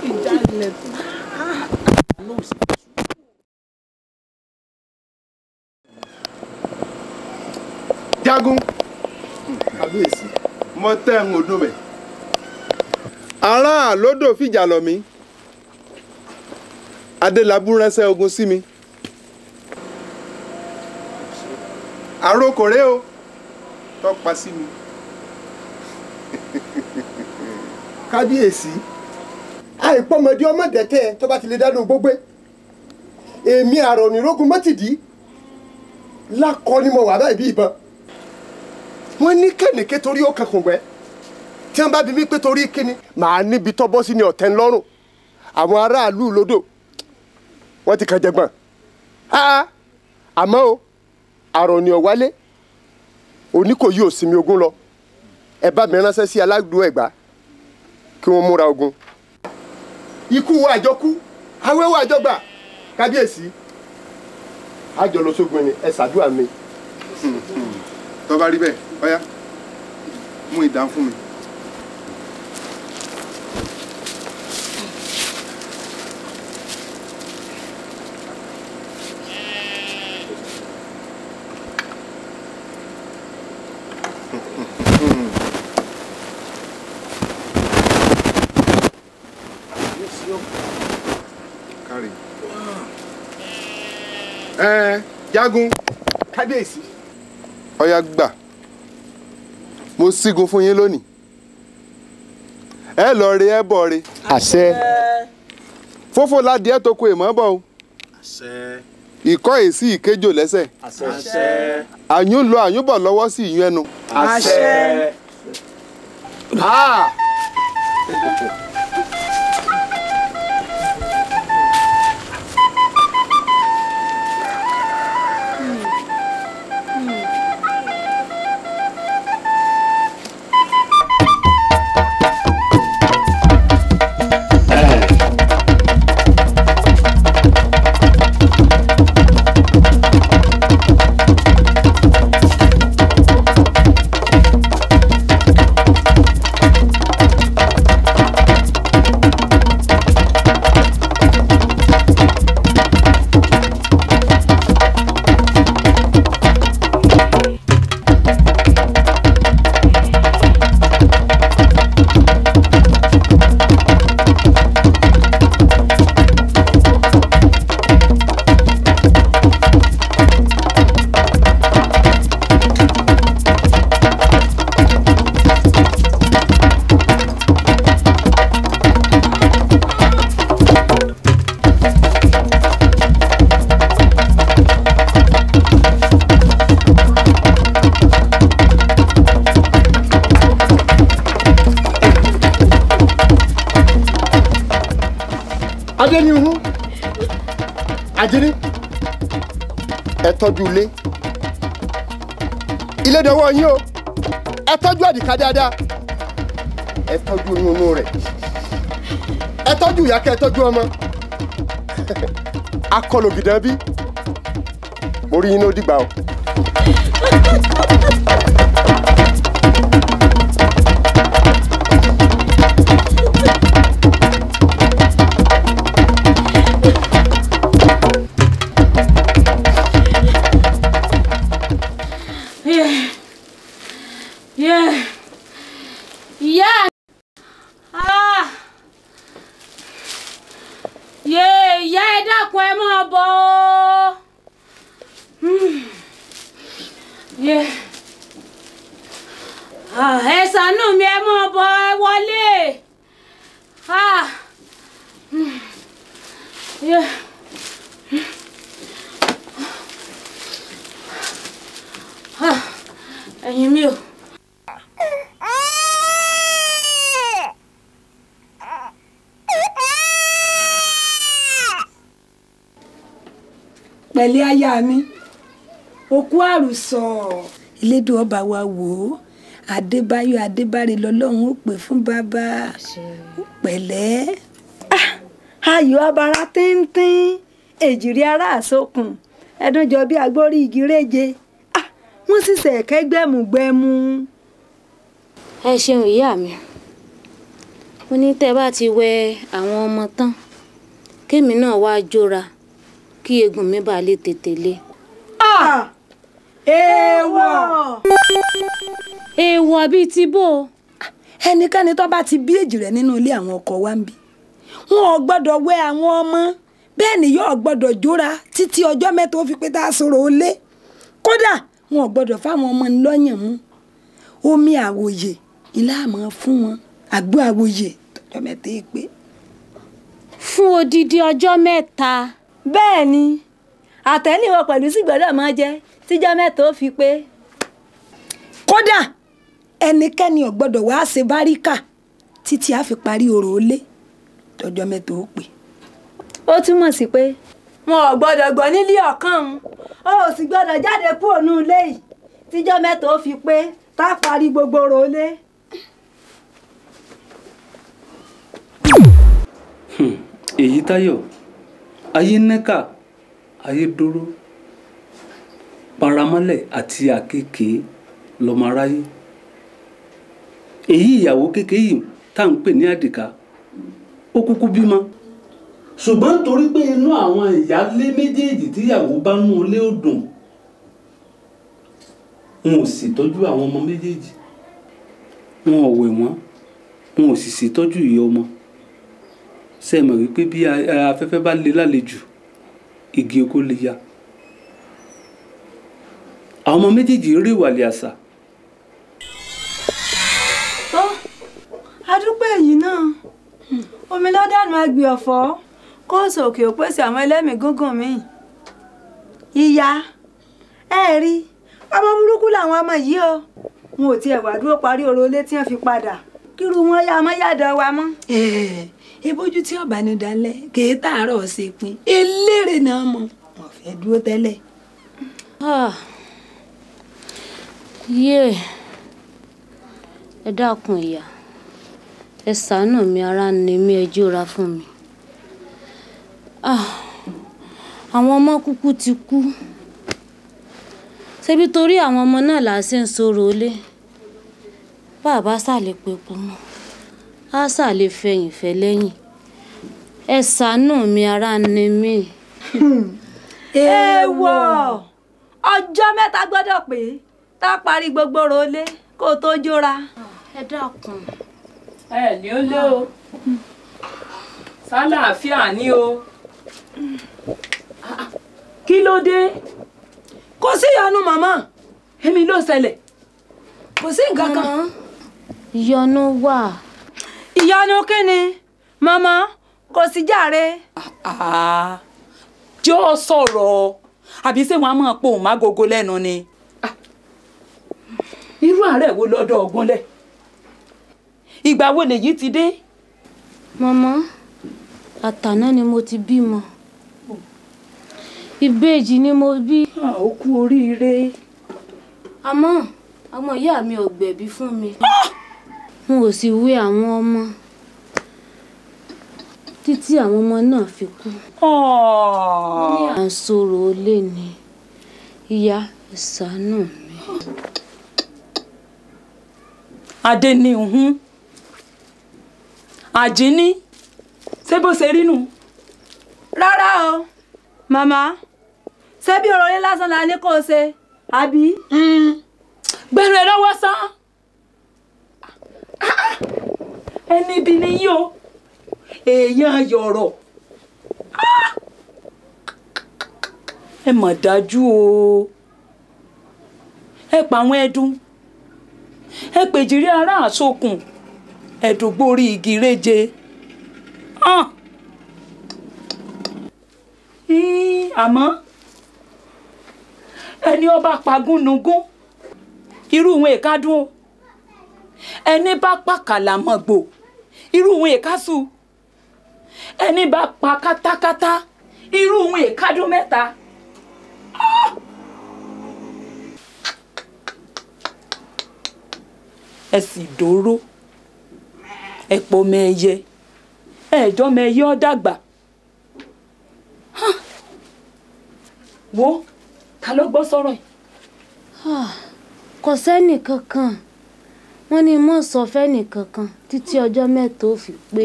mi náà lórí adágún kábíyèsí mo tẹ́ ń odò mẹ́. ará lódò fìjà lọ mí adélábù ránṣẹ́ ogun sí mi àrokòrè o tọ́pa sí mi. *laughs* kábíyèsí àìpọ́mọdé ọmọdé tẹ́ ẹ tó bá ti lè dánú gbogbo èmi àrònírògùn mọ́tìdí lákọ ni mo wà báyìí bí ìbọn wọ́n ní kẹ́nìké torí ó kankan gbẹ́ tí wọ́n bá bi mí pé torí kíni màá níbi tọ́bọ́ sí ni ọ̀tẹ́ ńlọ́rùn àwọn aráàlú lódò wọ́n ti kàn jẹ̀gbọ́n àmọ́ o àròní ọ̀wálé òní kò yí òsinmi ogun lọ ẹ bá mi ránṣẹ́ sí aládùúgbò ẹ̀gbá kí wọ́n múra ogun. ikú wa àjọkú awéwò àjọgbà kábíyèsí àjọlọsógun ni ẹ ṣàdúrà mi. tó bá rí bẹ́ẹ̀ ọ̀yá mú ìdán fún mi. jagun kábíyèsí. ọ̀yá gbà mo sígun fún yín lónìí ẹ lọ re ẹ bọ re. àṣẹ. fófó ládìẹ tó ko èèmọ bọ o. àṣẹ. ìkọ́ èsì ìkéjò lẹ́sẹ̀. àṣẹ. àyùn lọ àyùn bọ̀ lọ́wọ́ sí ìyún ẹnu. àṣẹ. ah. ọmọ akọlògìdán bí mo rí yín ní ó dìgbà o. Ah, ẹ ṣàánú mi ẹ mọ bọ ẹ wọlé ah. Ah, ẹ̀yin mi o. pẹ̀lẹ́ aya mi òkú àrùsọ. elédùn ọba wa wò ó Adébáyọ̀ Adébárí lọ́lọ́run ó pè fún bàbá pẹ̀lẹ́. Ah, ayọ̀ abara tíntín èjìrí ara àsokùn ẹdúnjọ bí agbórí igi réje ah, wọ́n sì ṣẹ̀kẹ́ gbẹ̀mùgbẹ̀mù. ẹ ṣeun ìyá mi mo ní tẹ́ bá ti wẹ àwọn ọmọ tán kémi náà wá jóra kí eegun mi bàa lè tètè le. Ah, èèwọ̀. Ah! èèwọ̀ bíi ti bó o. ẹnikẹ́ni tó bá ti bí èjì rẹ̀ nínú ilé àwọn ọkọ wa ń bí wọn ò gbọ́dọ̀ wẹ àwọn ọmọ bẹ́ẹ̀ ni yóò gbọ́dọ̀ jóra títí ọjọ́ mẹ́ta ó fi pé tá a sọ̀rọ̀ ó lé kódà wọn ò gbọ́dọ̀ fáwọn ọmọ ńlọ́yàn mú omi àwòyè ilá àmọ́ fún wọn àgbo àwòyè tọjọ́ mẹ́ta yìí pé. fún odidi ọjọ́ mẹ́ta. bẹ́ẹ̀ ni àtẹ̀lé wọn pẹ̀lú sígbọ́dọ̀ máa jẹ tíjọ́ mẹ́ta ó fi pé. kódà ẹnikẹ́ni ò gbọ́dọ̀ wá ṣe báríkà títí a fi parí orò olé tọjọ́ mẹ́ta ó pè. ó túmọ̀ sí pé wọn ò gbọ́dọ̀ gbọ́ nílé ọ̀kan òun ó sì gbọ́dọ̀ jáde kúrò ní ilé yìí tíjọ́ mẹ́ta ó fi pé tá a parí gbogbo orò olé. Hmm, èyí táyọ̀ ayé nẹ́ka ayé dúró paramọ́lẹ̀ àti àkekèé lọ́mọ aráyé èyí ìyàwó kékeré yìí tá à ń pè ní àdìkà ó kúkú bímọ. ṣùgbọ́n torí pé inú àwọn ìyáálé méjèèjì tíyàwó bá mú un lé ó dùn wọn ò sì tọ́jú àwọn ọmọ méjèèjì wọn ò wẹ̀ wọ́n wọn ò sì ṣètọ́jú ìyá ọmọ ṣe mọ̀ wípé bí afẹ́fẹ́ bá le lálejò igi oko lè ya àwọn ọmọ méjèèjì rèwàlẹ̀ àṣà omi ló dànù agbè ọ̀fọ́ kóòsù òkè ò pèsè àwọn ẹlẹ́mìí gúngùn mi ìyá ẹ rí ọmọ burúkú làwọn ọmọ yìí o wọn ò tiẹ̀ wá dúró parí oró ilé tí wọ́n fi padà kírú wọn yá ọmọ yàdọ̀ wa mọ́. ebójú tí ọba ni dalẹ kèé tààrọ ṣe pin eléré náà mọ wọn fẹẹ dúró tẹ́lẹ̀. Ah. yé ẹ dákun ìyá ẹ ṣàánú mi ara ni mi ẹ jọ̀ra fún mi. Ah, àwọn ọmọ kúkú ti kú ṣebí torí àwọn ọmọ náà là á ṣe ń sọ̀rọ̀ lé bàbá sàlẹ̀ pepo mọ́ á sàlẹ̀ fẹ̀yìn fẹ́ lẹ́yìn ẹ ṣàánú mi ara ni mi. èèwọ̀ ọjọ́ mẹ́ta gbọ́dọ̀ pé tá a parí gbogbo rọlé kó o tó jóra. ẹ dákun. ẹ ní ó lé o sálàáfíà ni o kí ló dé kò sí ìyanu màmá èmi ló ṣẹlẹ̀ kò sí nǹkan kan. ìyanu wà. ìyanu kí ni màmá kò sí jàre. jọ́ sọ̀rọ̀ àbí ṣé wọn á máa pohùn mágógó lẹ́nu ni. irú àárẹ̀ wo lọ́dọ̀ ọgbọ́n lẹ̀. ìgbà wo lèyí ti dé. màmá àtàná ni mo ti bímọ ìbejì ni mo bí. ó kú oríire. àmọ́ ọmọ ìyá mi ò gbẹ̀bí fún mi. n ò sì wé àwọn ọmọ títí àwọn ọmọ náà fi kú. wọ́n ní à ń sọ̀rọ̀ olé ni ìyá ìsánú mi. adé ni òun. àjíní ṣé bó ṣe rí nù. rárá o màmá ṣé bí òròlé lásán la ní kó o ṣe àbí. Hmm. gbẹ̀rù ẹ̀ lọ́wọ́ sán ẹni ibi ni yí èèyàn ẹ mà dájú o ẹ pa àwọn ẹdun ẹ pèjìrí ara àsokùn. ẹ̀dùngbórí igi réje. àmọ́ ẹni ọba pagúnnugún irú òun èka dún o ẹni bá pa kàlàmọ̀gbò irú òun èka sùn ẹni bá pa kátákátá irú òun èka dún mẹ́ta. ẹ sì dòró ẹ̀pọ̀ mẹ́ẹ̀yẹ ẹ̀ẹ́dọ́ mẹ́ẹ̀yẹ ọ́ dàgbà wo ta ló gbọ́ sọ̀rọ̀ yìí. kò sẹ́nì kankan wọ́n ní mọ́ sọ fẹ́nì kankan títí ọjọ́ mẹ́ta ó fi pé.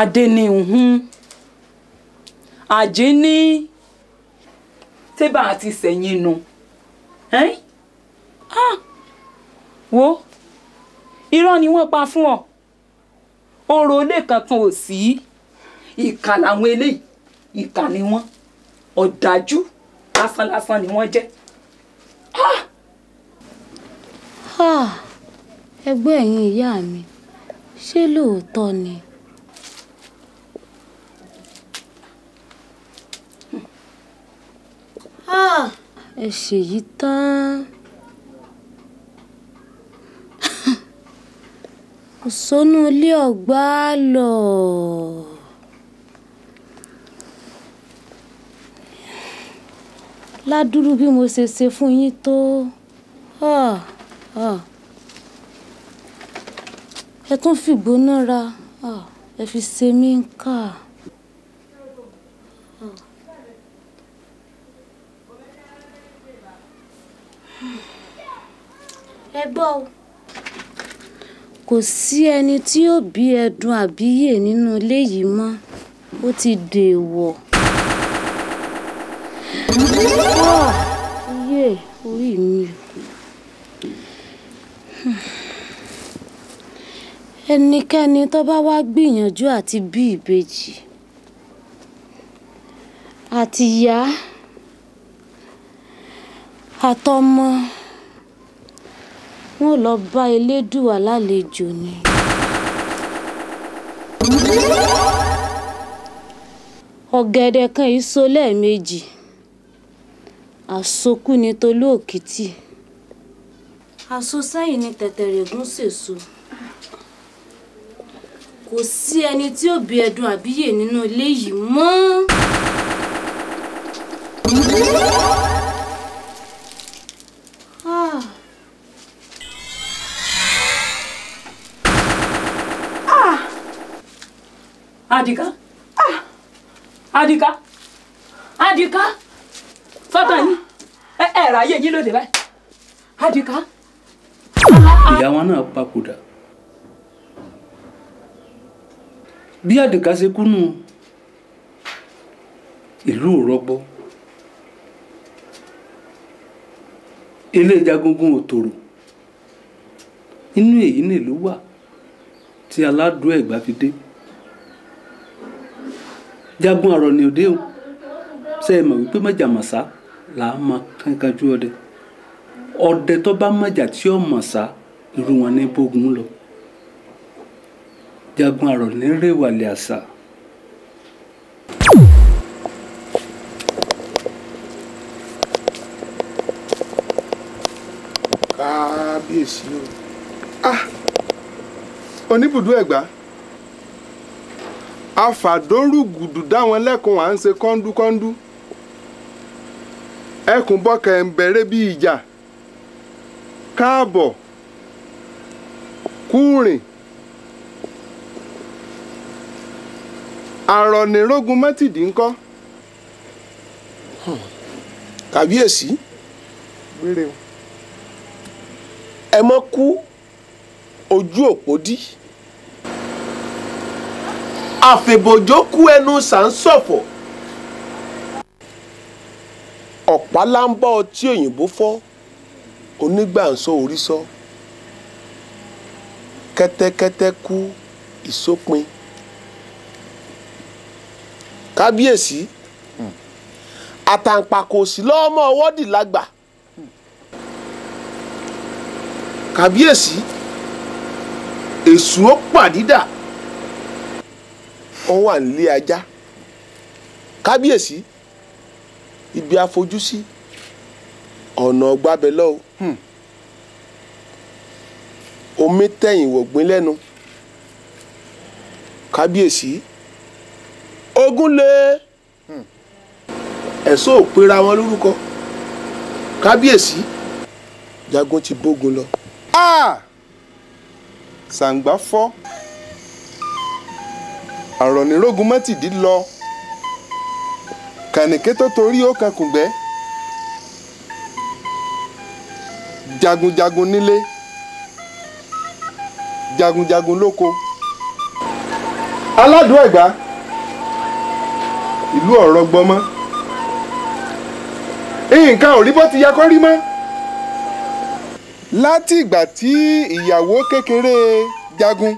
adé ni hun àjí ní tébà àti sẹ̀yìn nu ah! wo irọ́ ni wọ́n pa fún ọ ọ̀rọ̀ olè kankan ò sí ìkà làwọn eléyìí ìkà ni wọ́n ọ̀dájú lásánlásán ni wọ́n jẹ́. ẹgbẹ́ ẹ̀yin ìyá mi ṣé lóòótọ́ ni. ẹ ṣèyí tán. sọnù ilé ọ̀gbàlọ̀ ládùúrú bí mo ṣe ṣe fún yín tó ah, ah. ẹ tún fìgbóná ra ah, ẹ fi ṣe mí ń kà. ẹ gbọ́ o. Kò sí ẹni tí yóò bí ẹdun àbí yè nínú ilé yìí mọ́. Ó ti dèèwọ̀. Ọ́ọ̀! Ah, Yé! Orí mi o. Hmm. Ẹnikẹ́ni tó bá wá gbìyànjú àti bí ìbejì, àtìyá àtọmọ wọ́n lọ bá elédùà lálejò ni. ọ̀gẹ̀dẹ̀ kan yìí so lẹ́ẹ̀mejì àsokú ni tolú òkìtì aṣọ sẹ́yìn ni tẹ̀tẹ̀rẹ̀gún ṣèṣo kò sí ẹni tí ó bí ẹdun àbíyè nínú ilé yìí mọ́. Adika. Ah. Adika. Adika. Sọ́tàn yín. Ẹ ẹ̀ ráyè yín lóde báyìí. Adika. Ìyá wọn náà papòdà. Bí Adika ṣe kú nù ìlú òrọ́gbó. Ilé ìjagungun òtòrò. Inú èyí nìlú wà tí aládùn ẹ̀gbá fi dé jagun àrọ̀ ni òde o ṣe é mọ̀ wípé mọ̀jà mọ̀sá là á mọ kankan ju ọdẹ ọdẹ tó bá mọ̀jà tí ó mọ̀sá irú wọn ní bógun lọ jagun àrọ̀ ní rèwàlẹ̀ àṣà. kábíyèsí o ah oníbùdó ẹ̀gbá. afàdórùgùdù dáwọn lẹ́kùn à ń ṣe kọ́ńdúkọ́ńdú ẹkùn bọ́kẹ̀ ń bẹ̀rẹ̀ bí ìjà káàbọ̀ kúrìn àrọ̀nìrógun kàbíyèsí ẹ mọ́ kú àfẹ̀bòjó kú ẹnu sàǹsọ̀fọ̀ ọ̀pá láńbọ̀ tí òyìnbó fọ́ onígbàǹsọ orí sọ kẹ́tẹ́kẹ́tẹ́ kú ìsópin kábíyèsí hmm. àtàǹpàkò sí lọ́mọ ọwọ́dì lágbà hmm. kábíyèsí èṣù ó pàdídà wọ́n wà nílé ajá kábíyèsí ibi àfojúsí ọ̀nà gbábẹ́ lọ́wọ́ hmm. omi tẹ̀yìn wọ̀gbìn lẹ́nu kábíyèsí ogun lé hmm. ẹ̀sọ́ ò pera wọn lórúkọ kábíyèsí jagun ti bógun lọ. Ah! sàǹgbà fọ́ àrọ̀nìrógun mọ́tìdí lọ kànìké tó torí ó kan kùngbẹ́ jagunjagun nílé jagunjagun lóko aládùn ẹ̀gbá ìlú ọ̀rọ̀ gbọmọ nǹkan ò rí bó ti yẹ kó rí mọ́ láti ìgbà tí ìyàwó kékeré jagun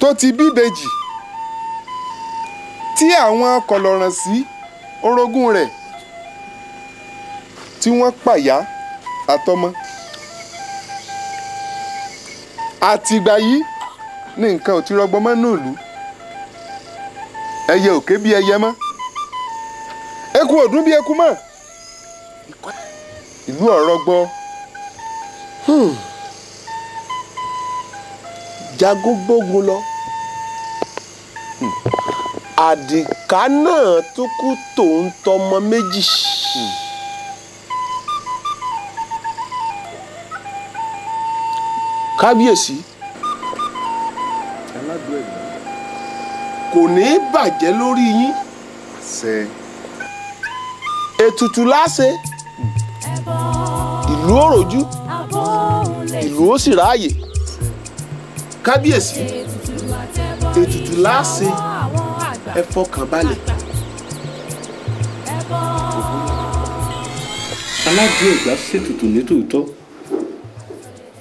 tó ti bíbejì tí àwọn kọ̀lọ̀ràn sí orogún rẹ̀ tí wọ́n pàyà àtọmọ àtìgbà yìí ní nǹkan ò ti rọgbọ mọ́ náà lù ẹyẹ òkè bí ẹyẹ mọ́ eku ọdún bí eku mọ́ ìlú ọ̀rọ̀ gbọ́. Hmm jagun gbógun lọ àdìká náà tó kú tòun tọmọ méjì. kábíyèsí kò ní í bàjẹ́ lórí yín ètùtù láṣẹ ìlú òròjú ìlú ó sì ráàyè kábíyèsí ètùtù láàṣẹ ẹ fọkàn balẹ̀. aládùn ìgbà ṣètùtù nítòótọ́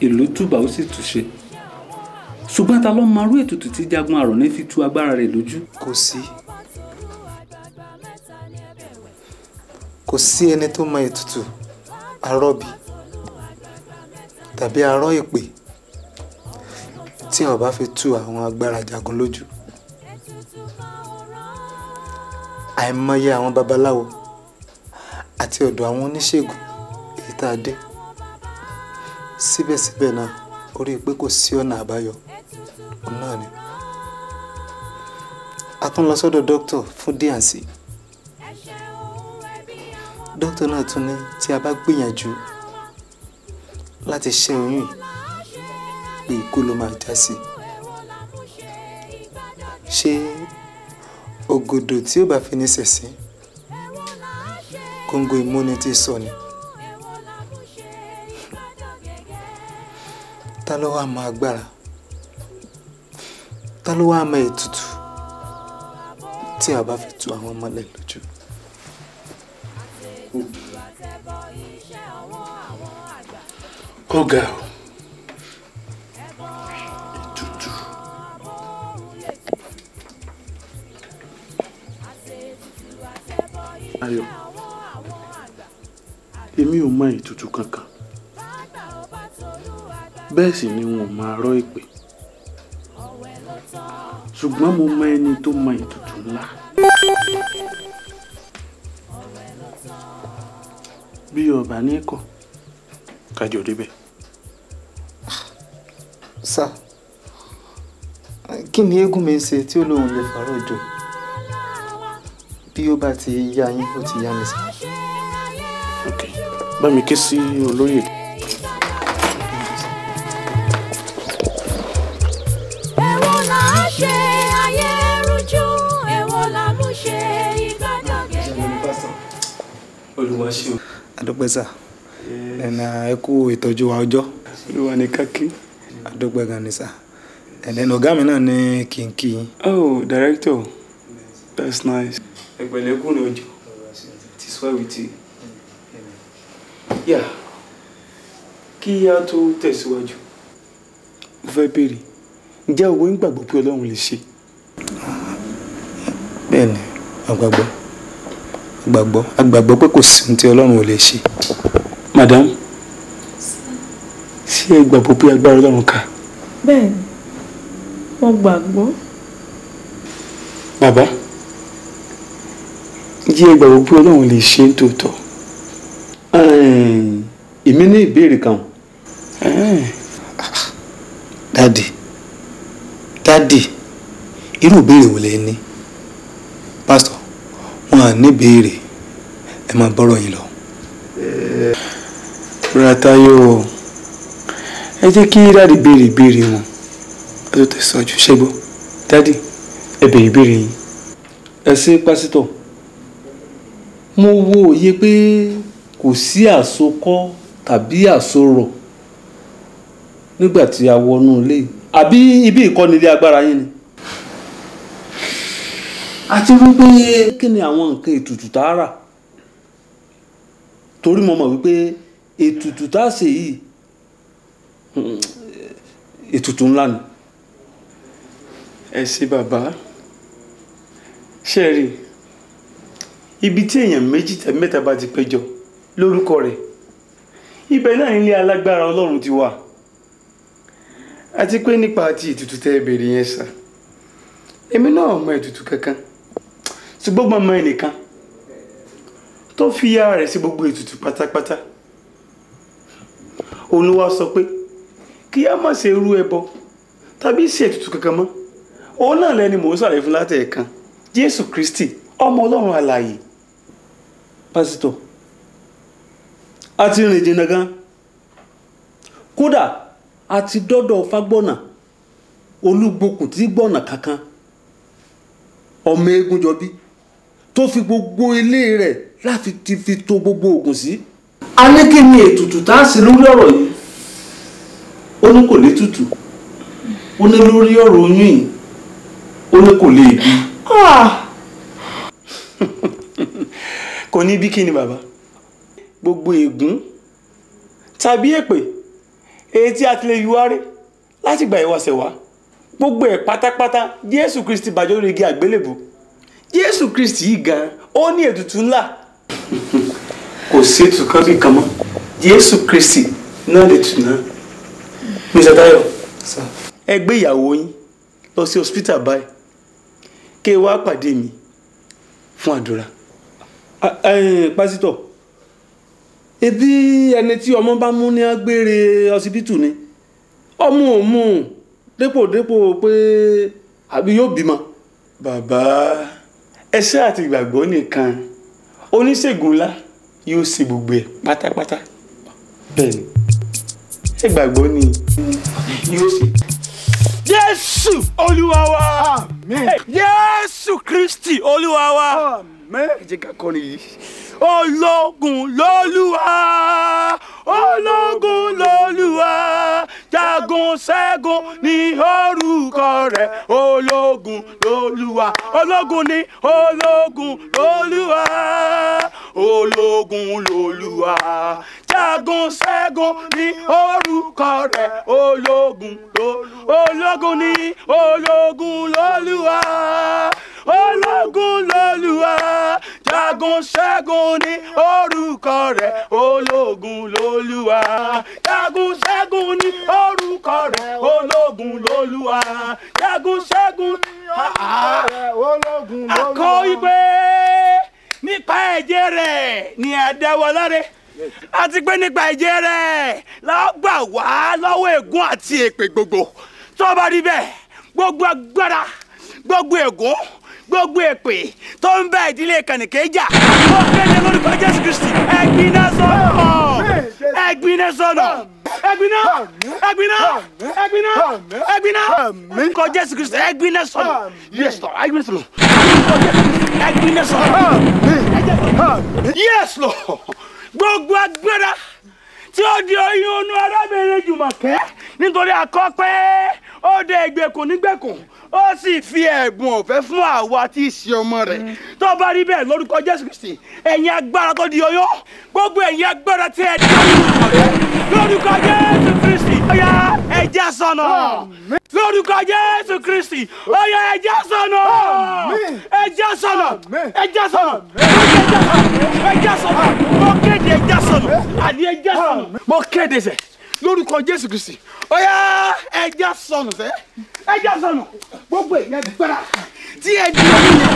ìlú túbà ó sì túṣe ṣùgbọ́n ta ló máa rú ètùtù tí jagun àrọ̀ní fi tú agbára rẹ̀ lójú. kò sí kò sí ẹni tó mọ ètùtù arọ́bí tàbí arọ́ èpè tí àwọn bá fi tú àwọn agbára jagun lójú àìmọye àwọn babaláwo àti ọ̀dọ̀ àwọn oníṣègùn èyí tá a dé síbẹ̀síbẹ̀ náà orí pé kò sí ọ̀nà àbáyọ òun náà ni a tún lọ sọ́dọ̀ dókítà fún D&C dókítà náà tún ní tí a bá gbìyànjú láti ṣẹ́ oyún yìí pé ikú ló máa já sí ṣé ògòdò tí ó bá fi ní sẹ̀sìn kóńgò ìmúni ti sọ ni ta ló wá mọ agbára ta ló wá mọ ètùtù tí a bá fi tu àwọn ọmọlẹ̀ lójú. ó ga o. Ayọ̀ èmi ò mọ ètùtù kankan bẹ́ẹ̀ sì ni wọn ò máa rọ́ ìpè ṣùgbọ́n mo mọ ẹni tó mọ ètùtù ńlá bí ọba ní kọ kájọ débẹ̀. sá kí ni eégún mi ń ṣe tí ó lè fàárọ̀ jò bí ó bá ti yá yín ó ti yá mi sí. ok bá mi ké sí olóyè. ẹ̀wọ̀n là á ṣe ayé rújú ẹ̀wọ̀n là mú ṣe ìgbà ìtọ́jú wa ọjọ́ olúwa ní kákí adúpẹ́ gan ni sà ọ̀gá mi náà ní kìnkìn. oh director that's nice ẹgbẹ̀lẹ́kùn ọjọ́ ti sọ ìwìtì yà kí a tó tẹ̀síwájú. mo fẹ́ béèrè ǹjẹ́ owó ń gbàgbọ́ pé ọlọ́run lè ṣe. bẹ́ẹ̀ni àgbàgbọ́ àgbàgbọ́ àgbàgbọ́ pé kò sí ohun tí ọlọ́run ò lè ṣe. madam ṣé ẹ gbàgbọ́ pé agbára ọlọ́run kà. bẹ́ẹ̀ni mo gbàgbọ́. bàbá jí ẹ gbàgbọ́ pé ọlọ́run lè ṣe é tòótọ́. èmi ní ìbéèrè kan. dádì dádì irú ìbéèrè wo lẹ ní pásítọ̀ wọn à ní ìbéèrè ẹ máa bọ́rọ̀ yín lọ. rárá Táyọ̀ ẹ jẹ́ kí dádì béèrè ìbéèrè wọn ẹ tó tẹ̀sán jù ṣẹ́gbọ́ dádì ẹ béèrè ìbéèrè yín. ẹ ṣé pásítọ̀ mo wo òye pé kò sí àsokọ́ tàbí àsorọ̀ nígbà tí a wọnú ilé àbí ibi ìkọ́nilé agbára yín ni. àti wípé kí ni àwọn nǹkan ètùtù tá a rà torí mo mọ̀ wípé ètùtù tá a ṣe yìí ètùtù ńlá ni. ẹ ṣé bàbá ṣe rí i ibi tí èèyàn méjì tàbí mẹ́ta bá ti péjọ lórúkọ rẹ̀ ibẹ̀ náà nílé alágbára ọlọ́run ti wà àti pé nípa ti ètùtù tẹ́ ẹ béèrè yẹn sà èmi náà mọ ètùtù kankan ṣùgbọ́n mo mọ ẹnìkan tó fi yára rẹ̀ sí gbogbo ètùtù pátápátá òun ló wá sọ pé kí a má ṣe rú ẹbọ tàbí ṣe ètùtù kankan mọ́ òun náà lẹni mò ń sàlẹ̀ fún látẹ̀ẹ̀kan Jésù Kristi ọmọ ọlọ́run alààyè pásítọ̀ a ti rìn jìnnà gan kódà a ti dọ́dọ̀ fagbọ́nà olúgbokùn tí gbọ́nà kankan ọmọ eégún jọbí tó fi gbogbo ilé rẹ̀ láti ti fi to gbogbo oògùn sí. a ní kí ni ètùtù tá a sì lórí ọ̀rọ̀ yìí ó ní kò lè tutù ó ní lórí ọ̀rọ̀ oyún yìí ó ní kò lè bí. Ah! kò ní bí kíni bàbá gbogbo ègún tàbí èpè èyí tí a ti lè yúwárẹ́ láti gba ìwàsẹ̀ wá gbogbo ẹ̀ pátápátá jésù kristi bàjọ́ lórí igi àgbélébù jésù kristi yìí gan ó ní ètùtù ńlá. kò sí ètùtù kan bí kan mọ́ jésù kristi náà lè tù náà mr tayo ẹ gbé ìyàwó yín lọ sí hospital báyìí kí ẹ wá pàdé mi fún àdúrà. Eh, pásítọ̀ ebi ẹni tí ọmọ bá mú ní agbére ọsibítù ni ọmọ ò mú un dépòdépò pé àbí yóò bímọ. bàbá ẹsẹ àti ìgbàgbọ́ nìkan oníṣègùn ńlá yóò ṣe gbogbo ẹ̀ pátápátá bẹ́ẹ̀ni ẹ gbàgbọ́ ni yóò ṣe. jésù olúwa wa jésù kristi olúwa wa. Amen. Man, de got corny. ológun lolúwa ológun lolúwa jagun ṣẹ́gun ní orúkọ rẹ̀ ológun lolúwa ológun ní ológun lolúwa ológun lolúwa jagun ṣẹ́gun ní orúkọ rẹ̀ ológun ológun ní ológun lolúwa ológun lolúwa jagun ṣẹ́gun ṣẹ́gun ní orúkọ rẹ̀ ológun lolúwa. jagun ṣẹ́gun ní orúkọ rẹ̀ ológun lolúwa. jagun ṣẹ́gun ní orúkọ rẹ̀ ológun lolúwa. akọ ìgbé nípa ẹ̀jẹ̀ rẹ̀ ni àdáwọláre àti pé nípa ẹ̀jẹ̀ rẹ̀ la wá lọ́wọ́ ègún àti èpè gbogbo tó rí bẹ́ẹ̀ gbogbo agbára gbogbo ègún gbogbo èpè tó ń bá ìdílé kànìkéjà ó kéde lórúkọ jésù kristi ẹgbiná sọnà ẹgbiná sọnà ẹgbiná ẹgbiná ẹgbiná ẹgbiná lórúkọ jésù kristi ẹgbiná sọnà yes lord ẹgbiná sọnà lórúkọ jésù kristi ẹgbiná sọnà yes lord gbogbo agbára tí ó di oyún inú arábìnrin jùmọ̀kẹ́ nítorí akọ́pẹ́ ó de ìgbèkùn nígbèkùn ó sì fi ẹ̀bùn ọ̀fẹ́ fún àwa tí í ṣe ọmọ rẹ̀ mm. tó bá rí bẹ́ẹ̀ lórúkọ jésù kristi ẹ̀yin agbára tó di oyún gbogbo ẹ̀yin agbára tí ẹ dá lórúkọ jésù kristi ọ̀yà ẹ̀jẹ̀ sọ̀nà lórúkọ jésù kristi ọ̀yà ẹ̀jẹ̀ sọ̀nà ẹ̀jẹ̀ sọ̀nà ẹ̀jẹ̀ sọ̀nà ẹ̀jẹ̀ sọ̀nà mo kéde ẹ̀jẹ̀ sọ̀nà àní ẹ̀jẹ̀ sọ̀nà mo kéde sẹ̀ lórúkọ jésù kristi ọyá ẹja sọnù sẹ ẹja sọnù gbogbo èèyàn gbára tí ẹ di ọmọ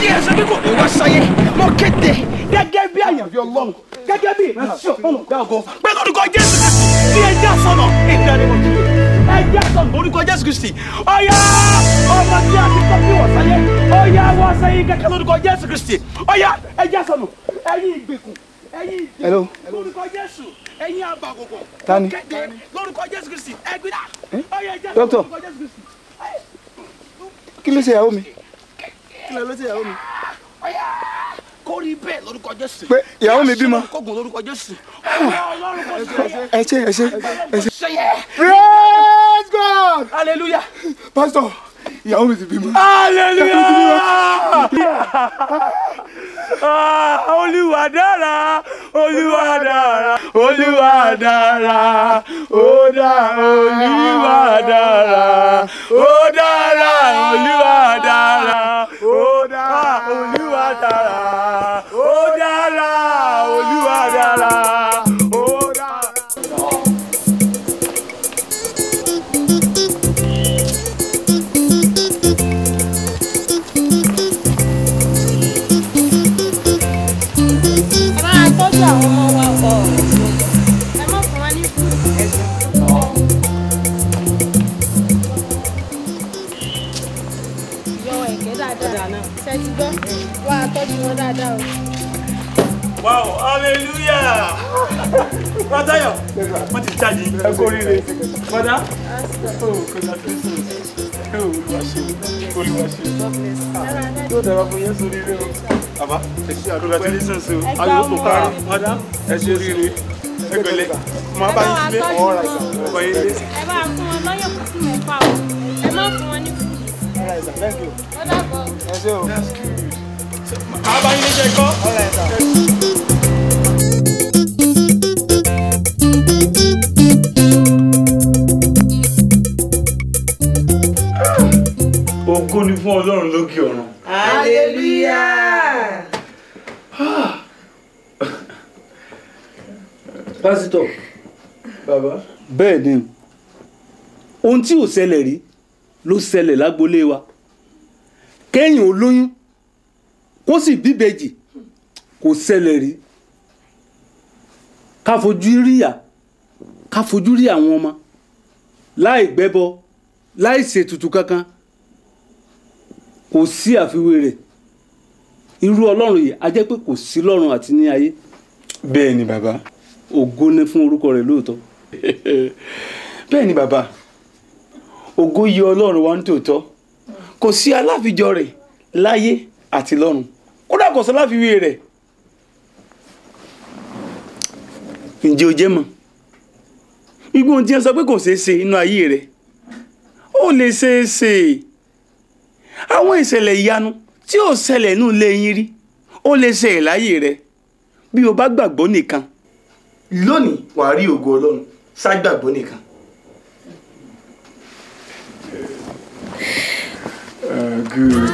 tí ẹ sọ pé kò ní wá sáyé mo kéde gẹ́gẹ́ bí àyànfi ọlọ́run gẹ́gẹ́ bí ìránṣẹ́ ọlọ́run gbàgbọ́ pé lórúkọ jésù kristi tí ẹja sọnù ìdarí mo kiri ẹja sọnù lórúkọ jésù kristi ọyá ọmọ tí a ti tọ́ bí wọ́n sáyé ọyá wọ́n sáyé kẹ́kẹ́ lórúkọ jésù kristi ọyá ẹja sọnù ẹ̀yin ìgbèkùn ẹ̀yin ìdè lórúkọ jésù ẹ̀yin abàgògò kéde lórúkọ jésù kristi ẹgbẹ́dá ọyẹ jésù lórúkọ jésù kristi. kí ló ṣe ìyàwó mi. kí ló ṣe ìyàwó mi. kó bẹ́ẹ̀ lórúkọ jésù. pé ìyàwó mi bímọ. kógun lórúkọ jésù. ẹ ṣe ẹ ṣe ẹ ṣe. praise God. hallelujah. pastor ìyàwó mi ti bímọ. hallelujah olúwa dára olúwa dára olúwa dára ó dára olúwa dára ó dára olúwa dára ó dára olúwa dára. Bàtáyọ̀, wọ́n ti jáde. Ẹ kó rire. Bọ́dá. Yóò dára fún yẹn sórí rẹ o. Bàbá, ẹ ṣe congratulations o. congratulations kò kárí. Bọ́dá, ẹ ṣe oríire. Ẹ pẹ̀lẹ́. Màá bá yín sílé. Ọ̀pọ̀ yín lé. Ẹ bá fún wọn lọ́yọ̀ kó fún wọn pa o. Ẹ má fún wọn ní fún mi. Bọ́dá bọ̀. Ẹ ṣe o. Àbáyé ní jẹ́ kọ́. ògo ni fún ọlọ́run lókè ọ̀run. aleluya. pásítọ̀ bàbá. bẹ́ẹ̀ ni ohun tí ò ṣẹlẹ̀ rí ló ṣẹlẹ̀ lágbolé wa kéèyàn olóyún kó sì bíbejì kò ṣẹlẹ̀ rí ká fojú ríyà ká fojú rí àwọn ọmọ láì gbẹ́bọ láì ṣètùtù kankan kò sí àfiwé rẹ̀ irú ọlọ́run yìí a jẹ́ pé kò sí lọ́run àti ní ayé. bẹ́ẹ̀ ni bàbá. ògo ni fún orúkọ rẹ̀ lóòótọ́. *laughs* bẹ́ẹ̀ ni bàbá ògo yẹ ọlọ́run wa ní tòótọ́ kò sí aláfijọ rẹ̀ láyé àti lọ́run kódà kò sí aláfiwé rẹ̀ ǹjẹ́ o jẹ́ mọ̀ gbogbo ohun tí wọ́n sọ pé kò ṣeé ṣe inú ayé rẹ̀ ó lè ṣeé ṣe àwọn ìṣẹ̀lẹ̀ ìyanu tí ò ṣẹlẹ̀ inú ilé rí ó lè ṣe ìláyè rẹ̀ bí o bá gbàgbọ́ nìkan. lónìí wàá rí ògo ọlọ́run ṣá gbàgbọ́ nìkan. Uh, good.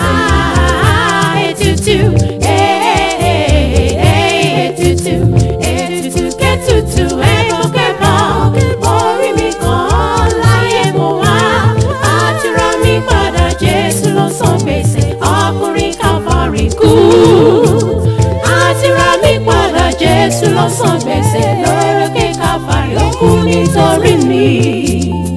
Ah, ètùtù, eh, eh, eh, ètùtù, ètùtù, kẹ́tùtù, eh. àti ra mi padà Jésù ló san gbèsè lórí kíkà fàrí ó kú nítorí mi.